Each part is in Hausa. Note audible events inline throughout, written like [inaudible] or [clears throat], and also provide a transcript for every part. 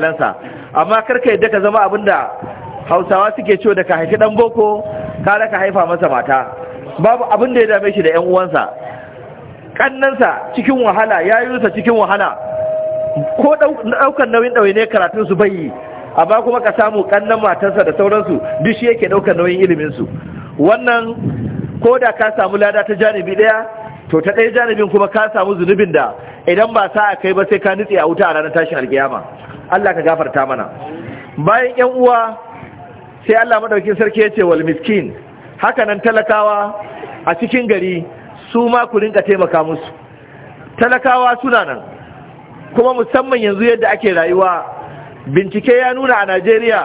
lansa amma karka yadda ka zama da hausawa suke ciwo da ka haifi dan boko ka da ka haifa masa mata babu abin da ya dame shi da yan uwansa kannansa cikin wahala ya yi rusa cikin wahala ko ɗaukar nauyin dauye ne karatun su bai amma kuma ka samu kannan matarsa da sauransu duk shi yake daukan nauyin ilimin su wannan ko da ka samu lada ta janibi daya to ta ɗaya janibin kuma ka samu zunubin da idan ba sa kai ba sai ka nutse a wuta a ranar tashin alkiyama Allah ka gafarta mana bayan yan uwa sai Allah madauki sarki ya ce wal miskin haka nan talakawa a cikin gari su ma ku rinka taimaka musu talakawa suna nan kuma musamman yanzu yadda ake rayuwa bincike ya nuna a Najeriya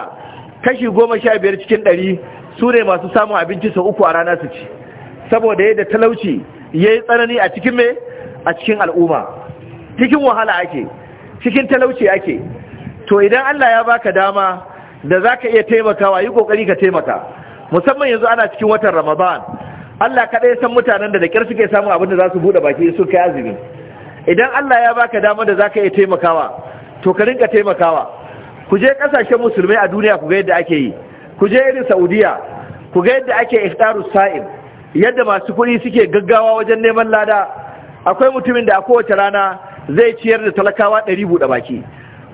kashi goma sha biyar cikin ɗari su ne masu samun abinci sau uku a rana su ci saboda yadda talauci yayi tsanani a cikin me a cikin al'umma cikin wahala ake cikin talauci ake to idan Allah ya baka dama da zaka iya taimakawa yi kokari ka taimaka musamman yanzu ana cikin watan Ramadan Allah kaɗai san mutanen da da kyar suke samun abin da za su buɗe baki su kai azumi idan Allah ya baka dama da zaka iya taimakawa to ka rinka taimakawa ku je kasashen musulmai a duniya ku ga yadda ake yi ku je irin Saudiya ku ga yadda ake iftarus sa'im yadda masu kuɗi suke gaggawa wajen neman lada akwai mutumin da a kowace rana zai ciyar da talakawa ɗari buɗe baki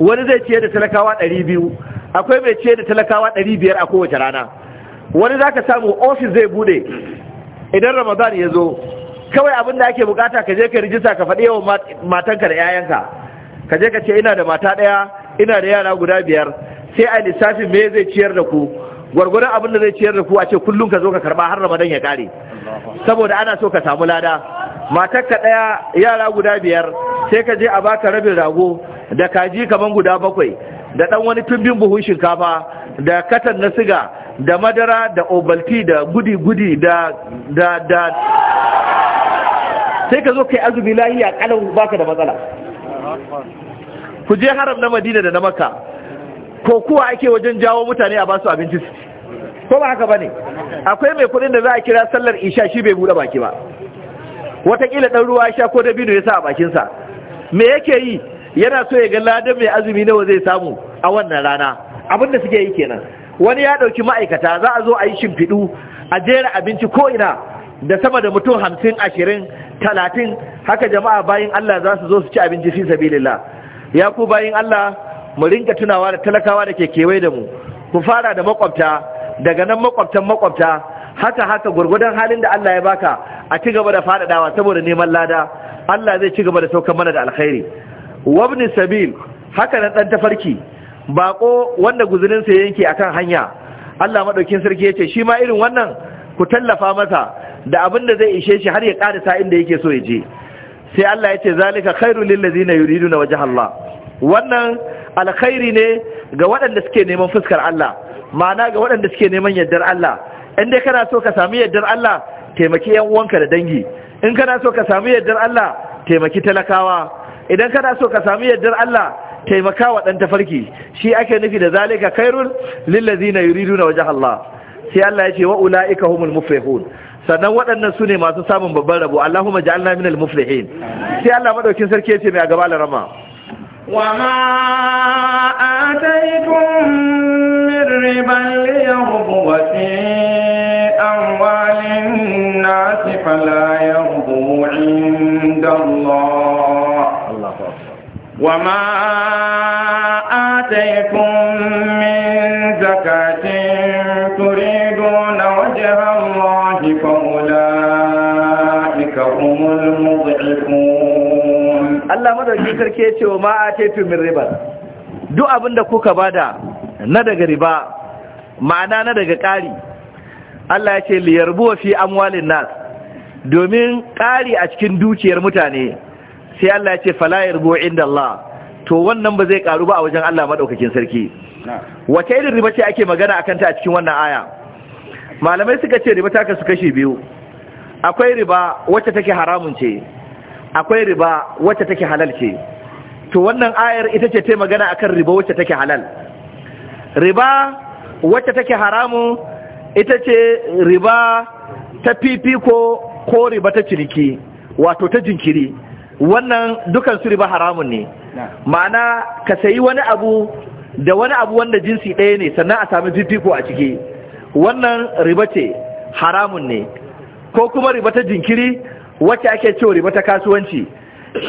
wani zai ciyar da talakawa ɗari biyu akwai mai ciyar da talakawa ɗari biyar a kowace rana wani za ka samu ofis zai buɗe idan ramadan ya zo kawai abin da ake bukata ka je ka rijista ka faɗi yawan matanka da 'ya'yanka ka je ka ce ina da mata ɗaya ina da yara guda biyar sai a lissafin me zai ciyar da ku gwargwaron abin da zai ciyar da ku a ce kullum ka zo ka karba har ramadan ya kare saboda ana so ka samu lada matakka ɗaya yara guda biyar sai ka je a baka rabin rago da kaji kaman guda bakwai da ɗan wani tumbin buhun shinkafa da katan na siga da madara da obalti da gudi-gudi da da sai ka zo kai azumi lahiya kalau baka da matsala ku je haram na madina da na makka ko kuwa ake wajen jawo mutane a ba su abinci ko ba haka bane akwai mai kudin da za a kira sallar isha shi bai bude baki ba watakila ɗan ruwa sha ko dabino ya sa a bakinsa me yake yi yana so ya ga ladan mai azumi nawa zai samu a wannan rana abin da suke yi kenan wani ya ɗauki ma'aikata za a zo a yi shimfiɗu a jera abinci ko ina da sama da mutum hamsin ashirin talatin haka jama'a bayan Allah za su zo su ci abinci fi sabilillah ya ku bayin Allah mu rinka tunawa da talakawa da ke kewaye da mu ku fara da makwabta daga nan makwabtan makwabta haka haka gurgudan halin da Allah ya baka a ci gaba da faɗaɗawa saboda neman lada Allah zai ci gaba da saukar mana da alkhairi wabni sabil haka na ɗan tafarki baƙo wanda guzurinsa ya yanke akan hanya Allah maɗaukin sarki ya ce shi ma irin wannan ku tallafa masa da abin da zai ishe shi har ya ƙarisa inda yake so ya je sai Allah ya ce zalika khairu lil ladina yuriduna wajha Allah wannan alkhairi ne ga waɗanda suke neman fuskar Allah ma'ana ga waɗanda suke neman yardar Allah in dai kana so ka sami yardar Allah taimaki yan uwanka da dangi in kana so ka sami yardar Allah taimaki talakawa idan kana so ka sami yardar Allah taimakawa wa dan tafarki shi ake nufi da zalika khairul lil ladina yuriduna wajha Allah sai Allah ya ce wa ulaika humul muflihun sannan waɗannan su ne masu samun babban rabo Allahumma ja'alna minal muflihin sai Allah madaukin sarki ya ce mai a gaba larama وما آتيتم من ربا ليربو في أموال الناس فلا يربو عند الله وما آتيتم من زكاة Allah madaukin sarki ya ce wa ma min riba duk abinda kuka bada na daga riba ma'ana na daga ƙari Allah ya ce liyarbuwa fi amwalin nas domin ƙari a cikin dukiyar mutane sai Allah ya ce fala yarbu inda Allah to wannan ba zai karu ba a wajen Allah madaukakin sarki wace irin riba ce ake magana akan ta a cikin wannan aya malamai suka ce riba ta su kashi biyu akwai riba wacce take haramun ce akwai riba wacce take halal ce to wannan ayar ita ce ta magana akan riba wacce take halal riba wacce take haramu ita ce riba ta fifiko ko riba ta ciniki wato ta jinkiri wannan dukan su riba haramun ne ma'ana ka sayi wani abu da wani abu wanda jinsi ɗaya ne sannan a sami fifiko a ciki wannan riba ce haramun ne ko kuma riba ta jinkiri wacce ake cewa riba ta kasuwanci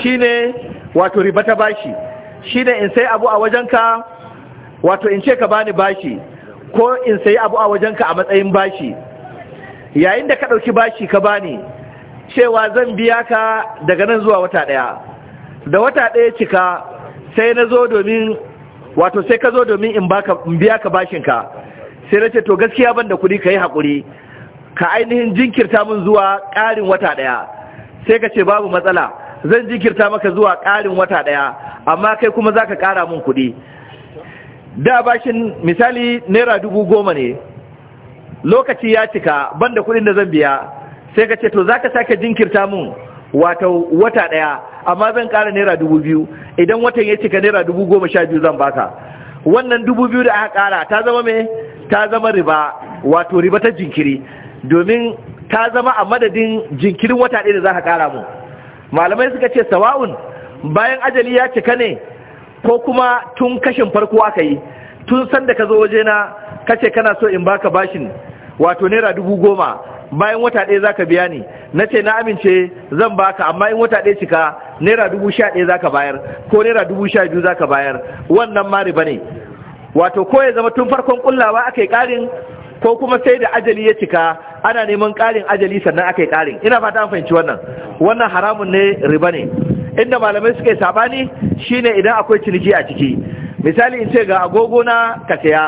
shine wato riba ta bashi shine in sai abu a wajenka wato in ce ka bani bashi ko in sai abu a wajenka a matsayin bashi yayin da ka ɗauki bashi ka bani cewa zan biya ka daga nan zuwa wata ɗaya da wata ɗaya cika sai na zo domin wato sai ka zo domin in biya ka bashinka sai na ce to gaskiya ban da kuɗi ka yi haƙuri ka ainihin jinkirta min zuwa ƙarin wata ɗaya sai ka ce babu matsala zan jikirta maka zuwa ƙarin wata ɗaya amma kai kuma za ka ƙara mun kuɗi da bashin misali naira dubu goma ne lokaci ya cika ban da kuɗin da zan biya sai ka ce to za ka sake jinkirta mun wata wata ɗaya amma zan ƙara naira dubu biyu idan watan ya cika naira dubu goma sha biyu zan baka wannan dubu biyu da aka ƙara ta zama me ta zama riba wato riba ta jinkiri domin ta zama a madadin jinkirin wata ɗaya da za ka ƙara mu malamai suka ce sawa'un bayan ajali ya cika ne ko kuma tun kashin farko aka yi tun sanda ka zo waje wajena kace kana so in baka bashin wato naira dubu goma bayan wata ɗaya za ka biya ni na ce na amince zan baka amma in wata ɗaya cika naira dubu sha ɗaya za ka bayar ko naira dubu sha biyu za ka bayar wannan ma riba ne wato ko ya zama tun farkon kullawa aka yi ƙarin ko kuma sai da ajali ya cika ana neman ƙarin ajali sannan aka yi ƙarin ina fata an fahimci wannan wannan haramun ne riba ne inda malamai suka yi sabani shine idan akwai ciniki a ciki misali in ce ga agogo na ka saya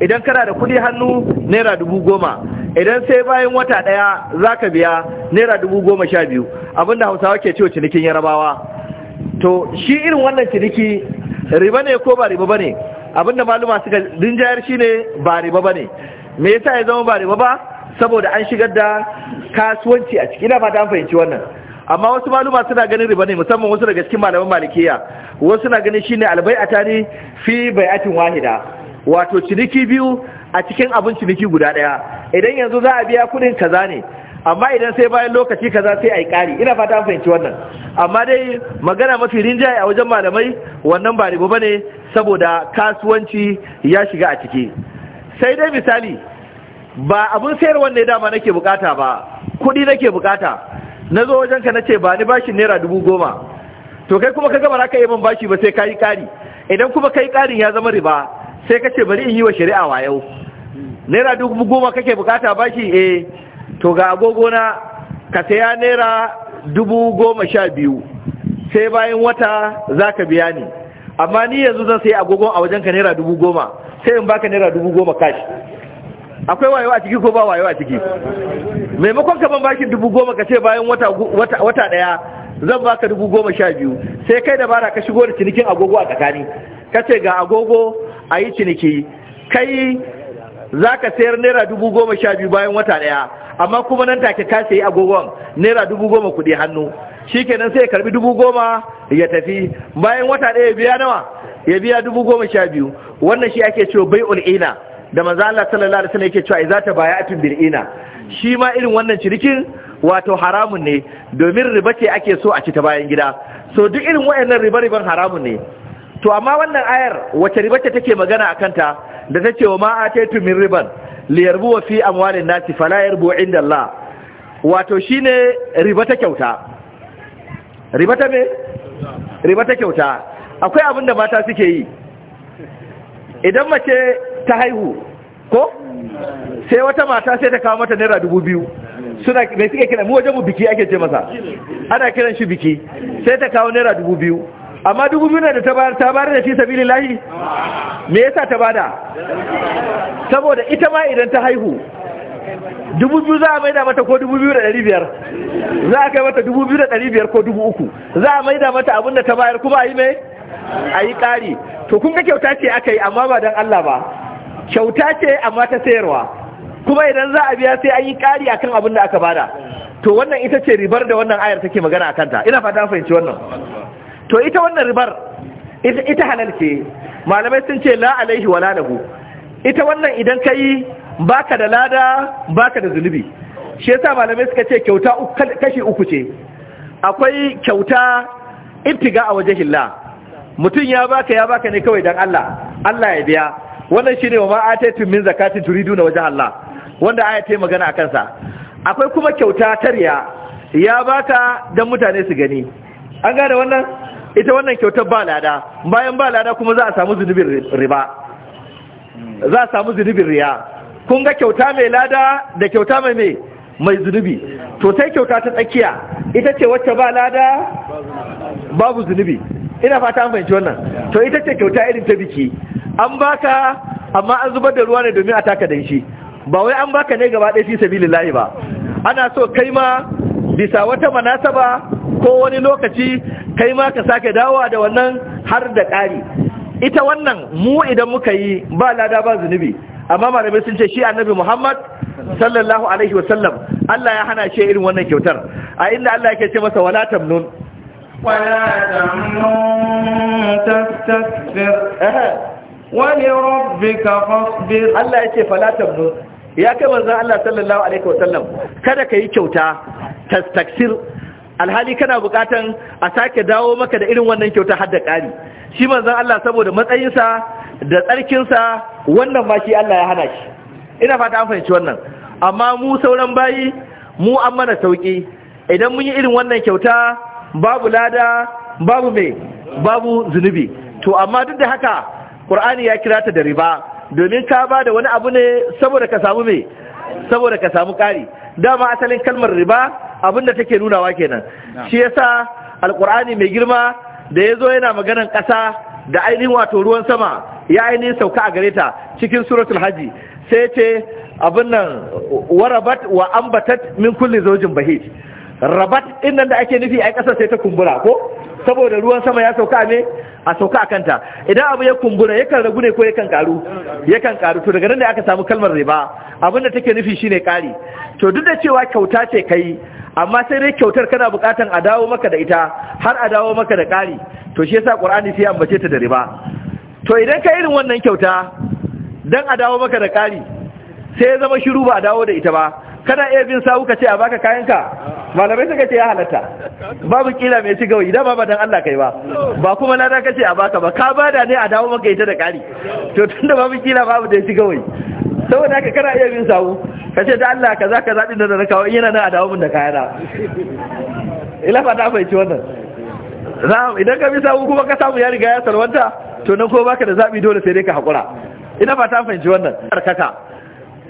idan kana da kuɗi hannu naira dubu goma idan sai bayan wata ɗaya za ka biya naira dubu goma sha biyu abinda hausawa ke cewa cinikin yarabawa to shi irin wannan ciniki riba ne ko ba riba ba ne abinda maluma suka rinjayar shi ne ba riba ba ne me yasa ya zama ba riba ba saboda an shigar da kasuwanci a ciki ina fata an fahimci wannan amma wasu maluma suna ganin riba ne musamman wasu daga cikin malaman malikiya wasu suna ganin shine albai'ata ne fi bai'atin wahida wato ciniki biyu a cikin abin ciniki guda daya idan yanzu za a biya kudin kaza ne amma idan sai bayan lokaci kaza sai ai kari ina fata an fahimci wannan amma dai magana mafi rinjaye a wajen malamai wannan ba riba bane saboda kasuwanci ya shiga a ciki sai dai misali ba abin sayarwan ne dama nake bukata ba kudi nake bukata na zo wajenka na ce ba ni bashin naira dubu goma to kai kuma ka gaba na ka yi bashi ba sai ka yi ƙari idan kuma ka yi ƙarin ya zama riba sai ka ce bari in yi wa shari'a wa yau naira dubu goma kake bukata bashi e, to ga agogo na, ka saya naira dubu goma sha biyu sai bayan wata za ka biya ni amma ni yanzu zan sai agogon a wajenka naira dubu goma sai in baka naira dubu goma kashi akwai wayewa a ciki ko ba wayewa a ciki maimakon ka ban bashi dubu goma ka ce bayan wata daya zan baka dubu goma sha biyu sai kai da bara ka shigo da cinikin agogo a tsakani ka ce ga agogo a yi ciniki kai za ka sayar naira dubu goma sha biyu bayan wata daya amma kuma nan take ka sayi agogon naira dubu goma kuɗi hannu shi kenan sai ya karbi dubu goma ya tafi bayan wata daya biya nawa ya biya dubu goma sha biyu wannan shi ake cewa bai ul'ina da maza Allah sallallahu alaihi wasallam yake cewa idza ta baya atin bil'ina shi ma irin wannan cirikin wato haramun ne domin riba ce ake so a ci ta bayan gida so duk irin wayannan riba riban haramun ne to amma wannan ayar wace riba ce take magana a ta da ta ce wa ma ataitu min riban liyarbu wa fi amwalin nasi fala yarbu inda Allah wato shine riba ta kyauta riba ta me riba ta kyauta akwai abin da mata suke yi idan mace ta haihu ko sai wata mata sai ta kawo mata naira dubu biyu suna mai suke kira mu wajen mu biki ake ce masa ana kiran shi biki sai ta kawo naira dubu biyu amma dubu biyu na da ta bayar da shi sabili lahi me yasa ta bada saboda ita ma idan ta haihu dubu biyu za a maida mata ko dubu biyu da ɗari biyar za a kai mata dubu biyu da ɗari biyar ko dubu uku za a maida mata abinda ta bayar kuma a yi mai a yi ƙari to kun ga kyauta ce aka yi amma ba don Allah ba kyauta ce amma ta sayarwa kuma idan za a biya sai an yi ƙari akan abin da aka bada to wannan ita ce ribar da wannan ayar take magana a kanta ina fata fahimci wannan to ita wannan ribar ita halal ce malamai sun ce la alaihi wala ita wannan idan ka yi baka da lada baka da zunubi shi yasa malamai suka ce kyauta kashi uku ce akwai kyauta ibtiga a wajen hilla mutum ya baka ya baka ne kawai dan Allah Allah ya biya wannan shine wa ma ataitum min turidu na wajen Allah wanda aya ta magana akan sa akwai kuma kyauta tarya ya baka dan mutane su gani an gane wannan ita wannan kyautar ba lada bayan ba lada kuma za a samu zunubin riba za a samu zunubin riya kun ga kyauta mai lada da kyauta mai mai mai zunubi to sai kyauta ta tsakiya ita ce wacce ba lada babu zunubi ina fata an fahimci wannan to ita ce kyauta irin ta biki an baka amma an zubar da ruwa ne domin a taka dan shi ba wai an baka ne gaba ɗaya fi sabilillahi ba ana so kai ma bisa wata manasaba ko wani lokaci kai ma ka sake dawowa da wannan har da ƙari ita wannan mu idan muka yi ba lada ba zunubi amma malamai sun ce shi annabi Muhammad sallallahu alaihi wasallam Allah ya hana shi irin wannan kyautar a inda Allah yake ce masa wala tamnun ولا تمنن تستكبر ولربك فاصبر الله يكي فلا تمنن ya kai manzon Allah sallallahu alaihi wasallam kada ka yi kyauta tastaksir alhali kana bukatan a sake dawo maka da irin wannan kyauta har da ƙari shi manzon Allah saboda matsayin sa da tsarkinsa wannan ma shi Allah ya hana shi ina fata an fahimci wannan amma mu sauran bayi mu an mana sauki idan mun yi irin wannan kyauta babu lada babu mai babu zunubi to amma duk da haka ƙur'ani ya kira ta da riba domin ka ba da wani abu ne saboda ka samu mai saboda ka samu ƙari dama asalin kalmar riba abin da take nunawa kenan shi yasa alƙur'ani mai girma da ya zo yana maganan ƙasa da ainihin wato ruwan sama ya ainihin sauka a gare ta cikin suratul hajji sai ce abin nan warabat wa ambatat min kulli zaujin bahij rabat din nan da ake nufi ai kasar sai ta kumbura ko saboda ruwan sama ya sauka ne a sauka a kanta idan abu ya kumbura yakan ragu ne ko yakan karu yakan karu to daga nan da aka samu kalmar riba abinda take nufi shine kari to duk da cewa kyauta ce kai amma sai dai kyautar kana bukatan a dawo maka da ita har a dawo maka da kari to shi yasa qur'ani sai ambace ta da riba to idan ka irin wannan kyauta dan a dawo maka da kari sai ya zama shiru ba a dawo da ita ba kana iya bin sa ka ce a baka kayanka malamai suka ce ya halatta babu kila mai ci gawayi idan ba dan Allah kai ba ba kuma lada ka ce a baka ba ka bada ne a dawo maka ita da kari to tunda babu kila babu da ya ci gawayi saboda haka kana iya bin sa ka ce da Allah kaza kaza din da na kawo yana nan a dawo mun da kayana ila da bai ci wannan idan ka bi sawu kuma ka samu ya riga ya salwanta to nan ko baka da zabi dole sai dai ka hakura ina fata fahimci wannan karkaka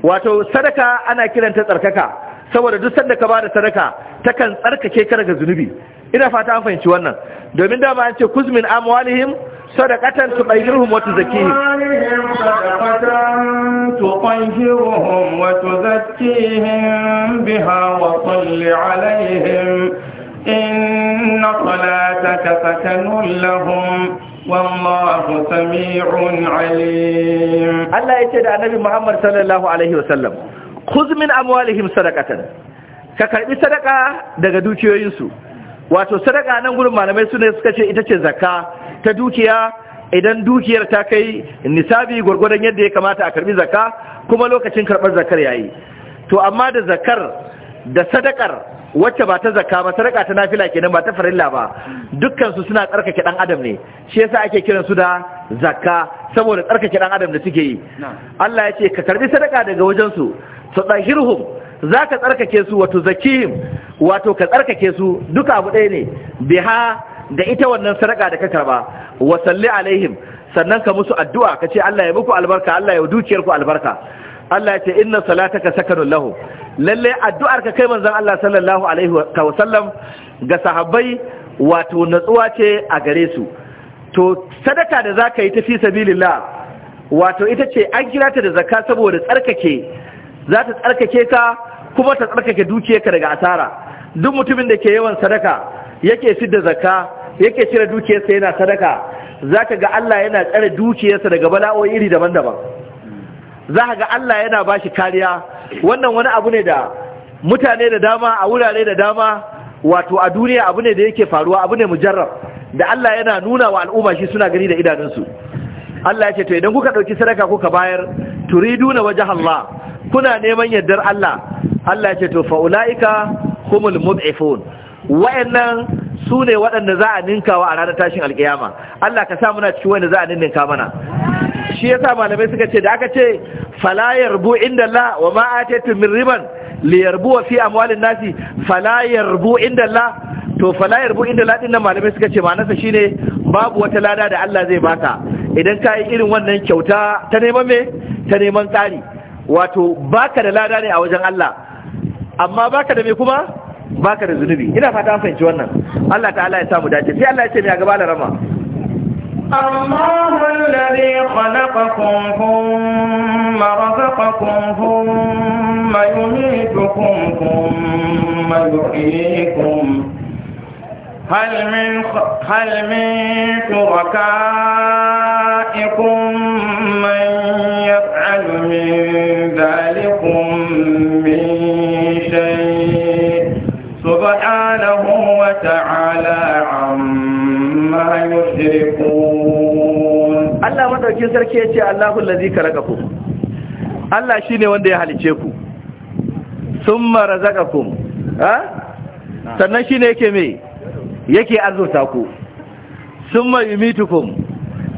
wato sadaka ana kiranta tsarkaka saboda duk sanda ka bada sadaka takan tsarkake ka daga zunubi ina fata an fahimci wannan domin da ba an ce kuzmin amwalihim sadaqatan tubayyiruhum wa tuzakkihim sadaqatan tubayyiruhum wa tuzakkihim biha wa salli alaihim inna salataka sakanun lahum Allah ya ce da annabi Muhammad sallallahu alaihi wasallam Kuzmin amwalihim ka karbi sadaka daga dukiyoyinsu wato sadaka nan gudun malamai sune suka ce ita ce zakka ta dukiya idan dukiyar ta kai nisabi gwargwadon yadda ya kamata a karbi zakka kuma lokacin karbar zakar yayi to amma da zakar da sadakar wacce ba ta zakka ba sadaka ta nafila kenan ba ta farilla ba dukkan su suna tsarkake dan adam ne shi yasa ake kiran su da zakka saboda tsarkake dan adam da suke yi Allah ya ce ka karbi sadaka daga wajen su sadahirhum zaka tsarkake su wato zakihim wato ka tsarkake su duka abu ɗaya ne biha da ita wannan sadaka da ka karba wa salli alaihim sannan ka musu addu'a ka ce Allah ya muku albarka Allah ya dukiyar ku albarka Allah ya ce inna salataka sakanun lahu lalle addu'ar ka kai manzon Allah sallallahu alaihi wa sallam ga sahabbai wato natsuwa ce a gare su to sadaka da zaka yi ta fi sabilillah wato ita ce an kira ta da zakka saboda tsarkake za ta tsarkake ka kuma ta tsarkake dukiyarka daga asara duk mutumin da ke yawan sadaka yake fidda zakka yake cire dukiyarsa yana sadaka zaka ga Allah yana tsare dukiyarsa daga bala'o'i iri daban-daban za ga Allah yana ba shi kariya wannan wani abu ne da mutane da dama a wurare da dama wato a duniya abu ne da yake faruwa abu ne mujarrab da Allah yana nuna wa al'umma shi suna gani da idanunsu Allah ya ce to idan kuka dauki sadaka kuka bayar turiduna wajh Allah kuna neman yardar Allah Allah ya ce to fa ulaika humul mud'ifun wa'annan su ne waɗanda za a ninkawa a ranar tashin alkiyama Allah ka sa muna cikin wanda za a ninka mana shi yasa malamai suka ce da aka ce fala yarbu inda Allah wa ma atatu min riban li yarbu fi amwalin nasi fala yarbu inda Allah to fala yarbu inda Allah dinnan malamai suka ce ma'anarsa shine babu wata lada da Allah zai baka idan ka yi irin wannan kyauta ta neman me ta neman tsari wato baka da lada ne a wajen Allah amma baka da me kuma baka da zunubi ina fata an fahimci wannan Allah ta'ala ya samu dace sai Allah ya ce mai gaba da rama الله الذي خلقكم ثم رزقكم ثم يميتكم ثم يحييكم هل من هل من شركائكم من يفعل من ذلك وتعالى عما يشركون الله مدوكين سركي يتي الله الذي خلقكم الله شيني wanda ya halice ku summa razaqakum ha sannan shine yake me yake azurta ku summa yumitukum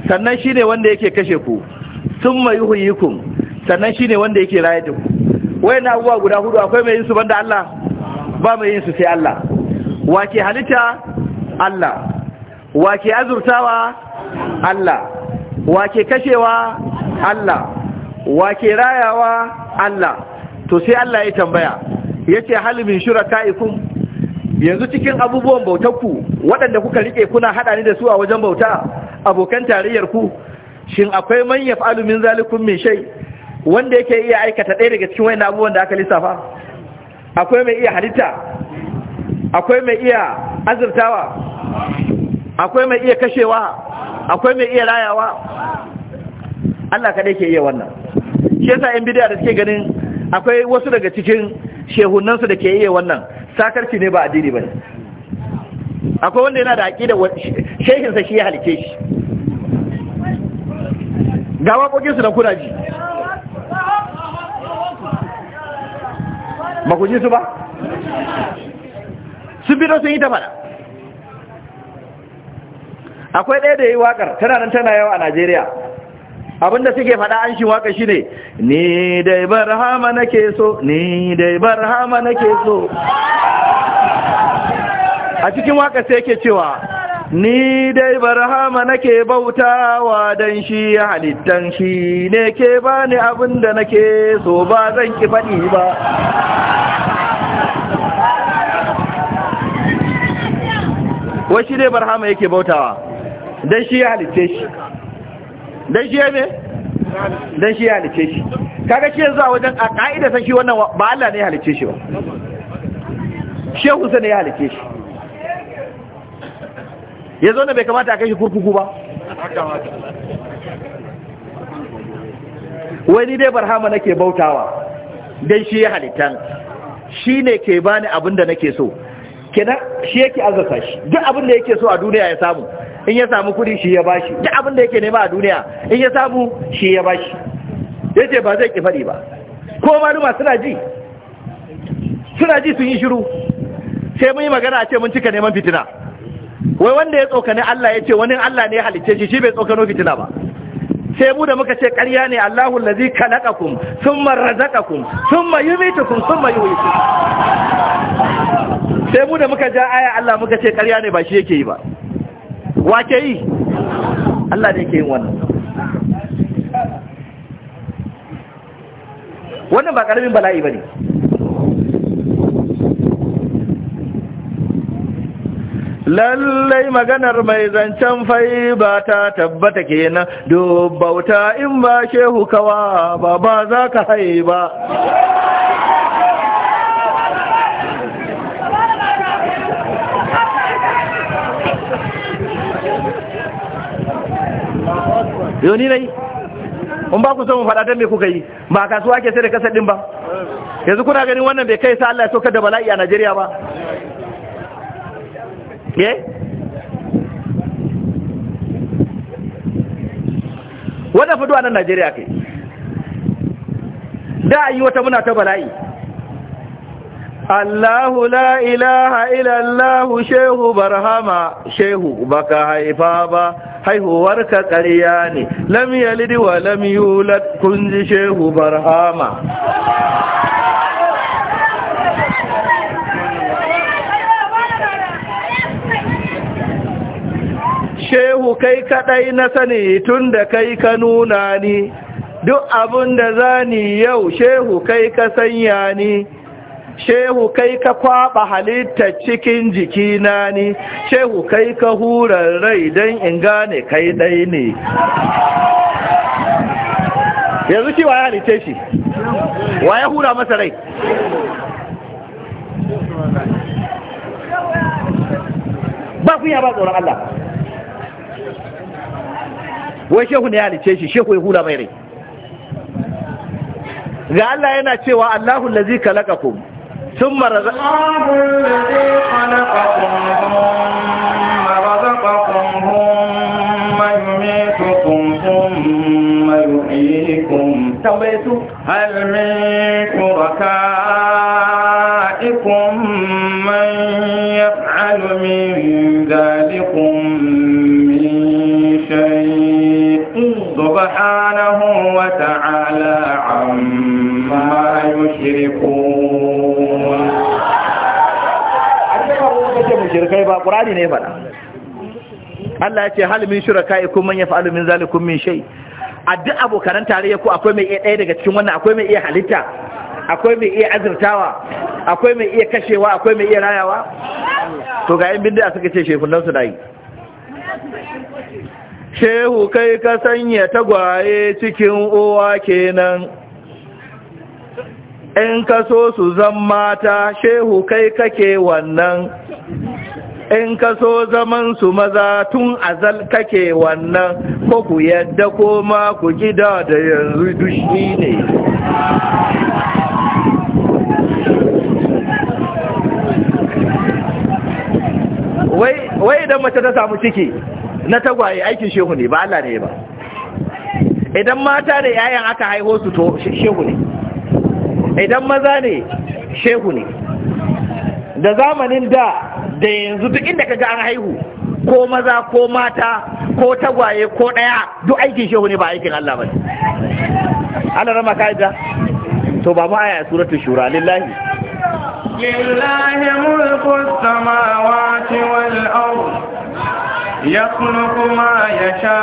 sannan shi ne wanda yake kashe ku summa yuhyikum sannan shi ne wanda yake rayar da ku wayannan abubuwa guda hudu akwai mai yin su banda Allah ba mai yin su sai Allah wake halitta Allah wake azurtawa Allah wake kashewa Allah wake rayawa Allah to sai Allah ya tambaya yace hal min shuraka'ikum yanzu cikin abubuwan bautarku waɗanda kuka rike kuna hada ni da su a wajen bauta abokan tarayyar ku shin akwai man yaf'alu min zalikum min shay wanda yake iya aikata ɗaya daga cikin wayannan abubuwan da aka lissafa akwai mai iya halitta akwai mai iya azurtawa akwai mai iya kashewa akwai mai iya rayawa Allah kaɗai ke iya wannan shi yasa yan bidiya da suke ganin akwai wasu daga cikin shehunansu da ke iya wannan sakarci ne ba addini bane akwai wanda yana da aqida sa shi ya halike shi ga su da kuna ji ba ku ji su ba su fito sun yi ta fada akwai ɗaya da yi waƙar tana nan tana yau a najeriya abinda suke fada an shi waƙa shi ne ni dai na ke so ni dai na ke so a cikin waƙa sai ke cewa ni dai barhama nake bautawa don shi halittan shi ne ke bani abinda ke so ba zan ki faɗi ba wai shi ne barhama yake bautawa don shi ya halitce shi don shi ya ne don shi ya halitce shi kaga shi yanzu a wajen a ka'ida san shi wannan ba Allah ne ya halitce shi ba shehu sai ne ya halitce shi zo ne bai kamata a kai shi kurkuku ba Wani ni dai barhama nake bautawa don shi ya halittan shi ne ke bani abinda da nake so kenan shi yake azurta shi duk abin da yake so a duniya ya samu in ya samu kudi shi ya bashi duk abin da yake nema a duniya in ya samu shi ya bashi yace ba zai ki ba ko maluma suna ji suna ji sun yi shiru sai mun yi magana a ce mun cika neman fitina wai wanda ya tsokane Allah ya ce wani Allah ne ya halicce shi shi bai tsokano fitina ba sai mu da muka ce ƙarya ne Allahu allazi khalaqakum thumma razaqakum thumma yumitukum thumma yuhyikum sai mu da muka ja aya Allah muka ce ƙarya ne ba shi yake yi ba wa ke yi Allah ne ke yin wannan wannan ba ƙaramin bala'i ba ne lallai maganar mai zancen fai ba ta tabbata kenan dubbauta in ba shehu kawa ba ba za ka haiba yau ni nayi in ba ku so mu faɗa don me kuka yi ba kasuwa ke sai da kasar ɗin ba yanzu kuna ganin wannan bai kai sa Allah ya saukar da bala'i a Najeriya ba ye wanda fito a nan Najeriya kai da yi wata muna ta bala'i Allahu la ilaha illallah shehu barhama shehu baka haifa ba haihuwar ka ƙarya ne lamiya lidiwa wa kun ji shehu barhama shehu kai kaɗai na sani tun da kai ka nuna ni duk abin da za ni yau shehu kai ka sanya ni shehu kai ka kwaba halitta cikin jikina ne shehu kai ka hurar rai don in gane kai ɗai ne yanzu ki wa ya halitta shi wa ya hura masa rai ba kunya ba tsoron Allah wai shehu ne ya halitta shi shehu ya hura mai rai ga Allah yana cewa Allahu lazi kalakakum ثم رزق الله الذي خلقكم ثم رزقكم ثم يميتكم ثم يحييكم هل من شركاء shirkai ba ƙurani ne faɗa Allah ya ce hal min iku man yaf'alu min zalikum min shay a duk abokan tarayya ko akwai mai iya ɗaya daga cikin wannan akwai mai iya halitta akwai mai iya azurtawa akwai mai iya kashewa akwai mai iya rayawa to ga yan bindiya suka ce shekunan su nayi shehu kai ka sanya tagwaye cikin uwa kenan in ka so su zan mata shehu kai kake wannan in ka so zaman su maza tun azal kake wannan ko ku yadda ko ma ku gida da yanzu dushi ne wai idan mace ta samu ciki na tagwaye aikin shehu ne ba Allah ne ba idan mata da yayan aka haiho su to shehu ne idan maza ne shehu ne da zamanin da da yanzu duk inda ga an haihu ko maza ko mata ko tagwaye ko ɗaya duk aikin shehu ne ba aikin Allah ba Allah rama ka ida to ba mu aya suratul shura lillahi lillahi mulku samawati wal ard yakhluqu ma yasha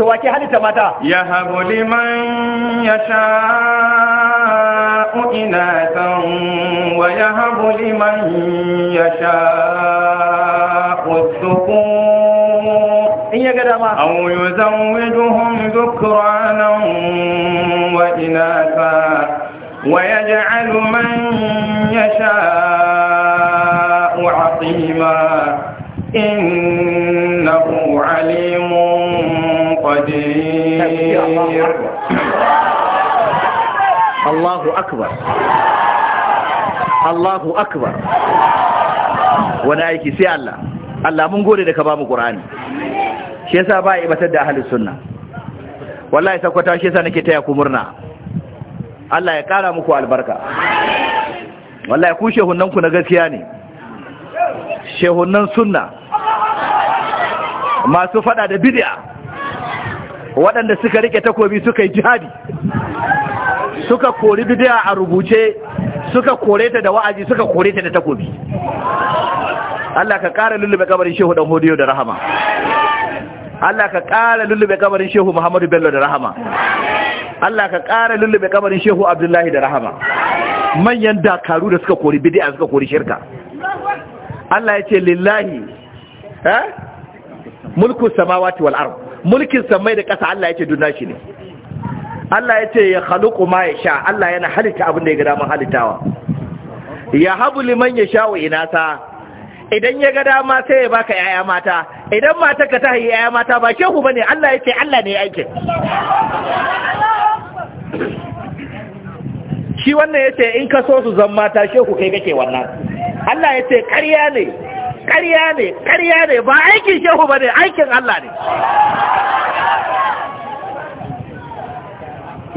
to wake halitta mata ya habu liman ya sha'u inatan wa ya habu liman ya sha'u in ya ga dama aw yuzawwijuhum dhukranan wa inatha wa yaj'alu man yasha'u 'atima in قدير الله أكبر الله wani aiki sai Allah Allah mun gode da ka bamu mu Qur'ani shi ibatar da ahlus sunna wallahi sakwata shi yasa nake taya ku murna Allah ya kara muku albarka wallahi ku shehunnan ku na gaskiya ne shehunnan sunna masu faɗa da bid'a waɗanda suka rike takobi suka yi jihadi suka kori bidiya a rubuce suka kore ta da wa'azi suka kore ta da takobi Allah ka ƙara lullube ƙabarin shehu dan hodiyo da rahama Allah ka ƙara lullube ƙabarin shehu Muhammadu Bello da rahama Allah ka ƙara lullube ƙabarin shehu Abdullahi da rahama manyan dakaru da suka kori bidiya suka kori shirka Allah ya ce lillahi eh mulku samawati wal ardh mulkin samai da ƙasa Allah ya ce duna shi ne Allah ya ce ya khaluqu ma ya sha Allah yana halitta abin da ya ga man halittawa ya habu liman ya sha wa inasa idan ya ga dama sai ya baka yaya mata idan mata ka ta yi yaya mata ba shehu bane Allah ya ce Allah ne ya yake shi wannan ya ce in ka so su zan mata shehu kai kake wannan Allah ya ce ƙarya ne ƙarya ne ƙarya ne ba aikin shehu ba ne aikin Allah ne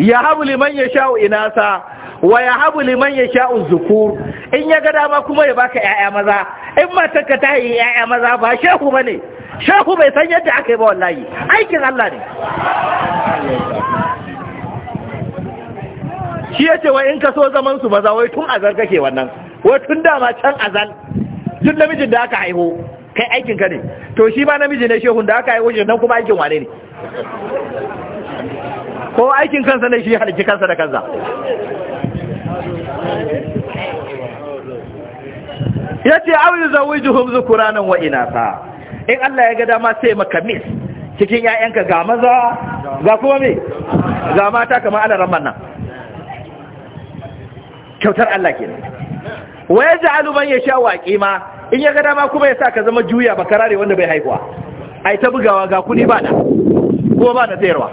ya habu liman ya sha'u inasa wa ya habu liman ya sha'u zukur in ya ga dama kuma ya baka ‘ya'ya maza in matanka ta yi ‘ya'ya maza ba shehu ba ne shehu bai san yadda aka yi ba wallahi aikin Allah ne shi ya ce wa in ka so zaman su maza wai tun azal kake wannan wai tun dama can azal duk namijin da aka haihu kai aikin ka ne to shi ba namiji ne shehun da aka haihu shi nan kuma aikin wane ne ko aikin kansa ne shi halicci kansa da kansa ya ce auyi zawai juhun zukuranin wa ta in Allah ya ga dama sai maka mis cikin ‘ya'yanka ga maza ga kuma me ga mata kama alaran nan, kyautar Allah ke nan. wa ya ji aluban ya sha waƙi ma in ya ga dama kuma ya sa ka zama juya ba karare wanda bai haihuwa ai ta bugawa ga kuɗi ba na ko ba A sayarwa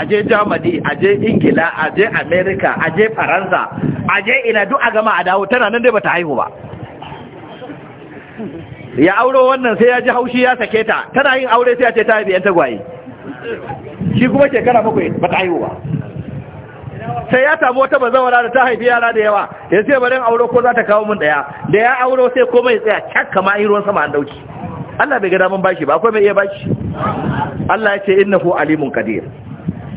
aje germany aje ingila aje america aje faransa aje ina duk a gama a dawo tana nan dai bata haihu ba ya auro wannan sai ya ji haushi ya sake ta tana yin aure sai ya ce ta haifi yan tagwaye shi kuma shekara bakwai bata haihu ba sai ya samu wata bazawara da ta haifi yara da yawa ya ce bari auro ko za ta kawo mun daya da ya auro sai komai tsaya cak kama ruwan sama an dauki Allah bai ga da bashi ba akwai mai iya bashi Allah ya ce innahu alimun Kadir.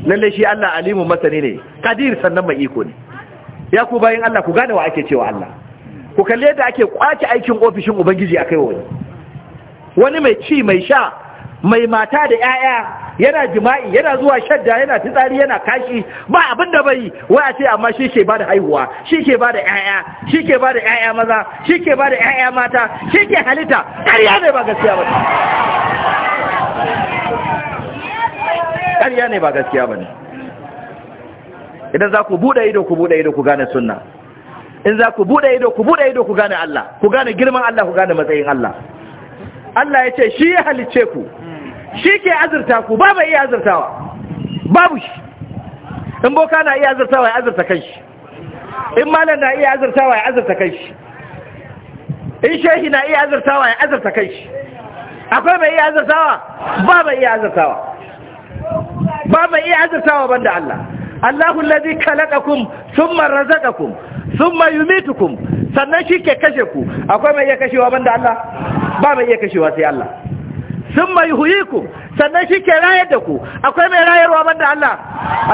lalle shi Allah alimun masani ne Kadir sannan mai iko ne ya ku bayin Allah ku gane wa ake cewa Allah ku kalle yadda ake kwace aikin ofishin ubangiji akai wani wani mai ci mai sha mai mata da 'ya'ya yana jima'i yana zuwa shadda yana fitsari yana kashi ba abin da bai wai a ce amma shi ke bada haihuwa shi ke bada 'ya'ya shi ke bada 'ya'ya maza shi ke bada 'ya'ya mata shi ke halitta ƙarya ne ba gaskiya bane ƙarya ne ba gaskiya bane idan za ku buɗe ido ku buɗe ido ku gane sunna in za ku buɗe ido ku buɗe ido ku gane Allah ku gane girman Allah ku gane matsayin Allah Allah ya ce shi ya halice ku shi ke azurta ku ba bai iya azurtawa babu shi in boka na iya azurtawa ya azurta kan shi in malar na iya azurtawa ya azurta kan shi in shehi na iya azurtawa ya azurta kan shi akwai mai iya azurtawa ba mai iya azurtawa ba mai iya azurtawa banda Allah Allahu allazi khalaqakum sun razaqakum thumma yumitukum sannan shi ke kashe ku akwai mai iya kashewa banda Allah ba mai iya kashewa sai Allah Summa yuhyikum. sannan shi ke rayar da ku akwai mai rayarwa banda Allah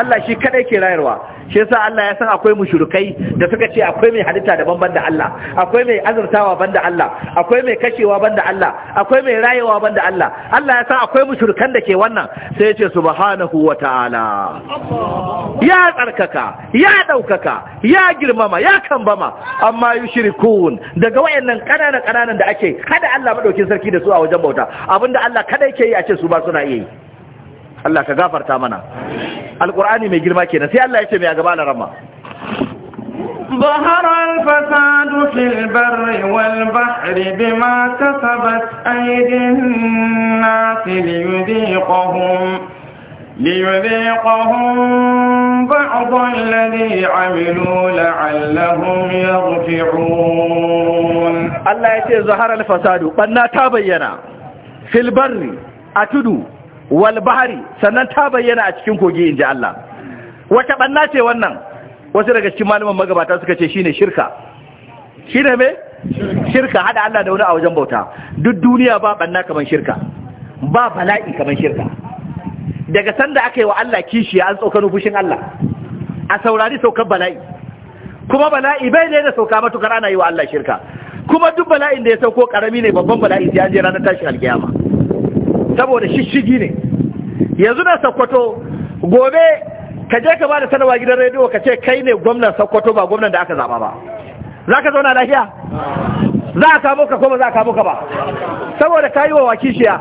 Allah shi kadai ke rayarwa shi yasa Allah ya san akwai mushrikai da suka ce akwai mai halitta daban banda Allah akwai mai azurtawa banda Allah akwai mai kashewa banda Allah akwai mai rayewa banda Allah Allah ya san akwai mushrikan da ke wannan sai ya ce subhanahu wataala ya tsarkaka ya daukaka ya girmama ya kambama amma yushrikun daga wayannan kanana kananan da ake kada Allah madaukin sarki da su a wajen bauta abinda Allah kadai ke yi a ce su ba su suna iya yi Allah ka gafarta mana alqur'ani mai girma kenan sai Allah ya ce mai a gaba larama ظهر الفساد في البر والبحر بما كسبت أيدي الناس ليذيقهم ليذيقهم بعض الذي عملوا لعلهم يرجعون الله يتي ظهر الفساد قلنا تابينا في البر a tudu wal bahari sannan ta bayyana a cikin kogi inji Allah wata banna ce wannan wasu daga cikin malaman magabata suka ce shine shirka shine me shirka hada Allah da wani a wajen bauta duk duniya ba banna kaman shirka ba bala'i kaman shirka daga sanda aka yi wa Allah kishi an tsokano fushin Allah a saurari saukar bala'i kuma bala'i bai ne da sauka matukar ana yi wa Allah shirka kuma duk bala'in da ya sauko karami ne babban bala'i sai an je ranar tashi alkiyama saboda shishigi ne yanzu na sakwato gobe ka je ka ba da sanarwa gidan rediyo ka ce kai ne gwamnan sakwato ba gwamnan da aka zaba ba za ka zauna lafiya za a kamo ka kuma za a kamo ka ba saboda ka yi wa kishiya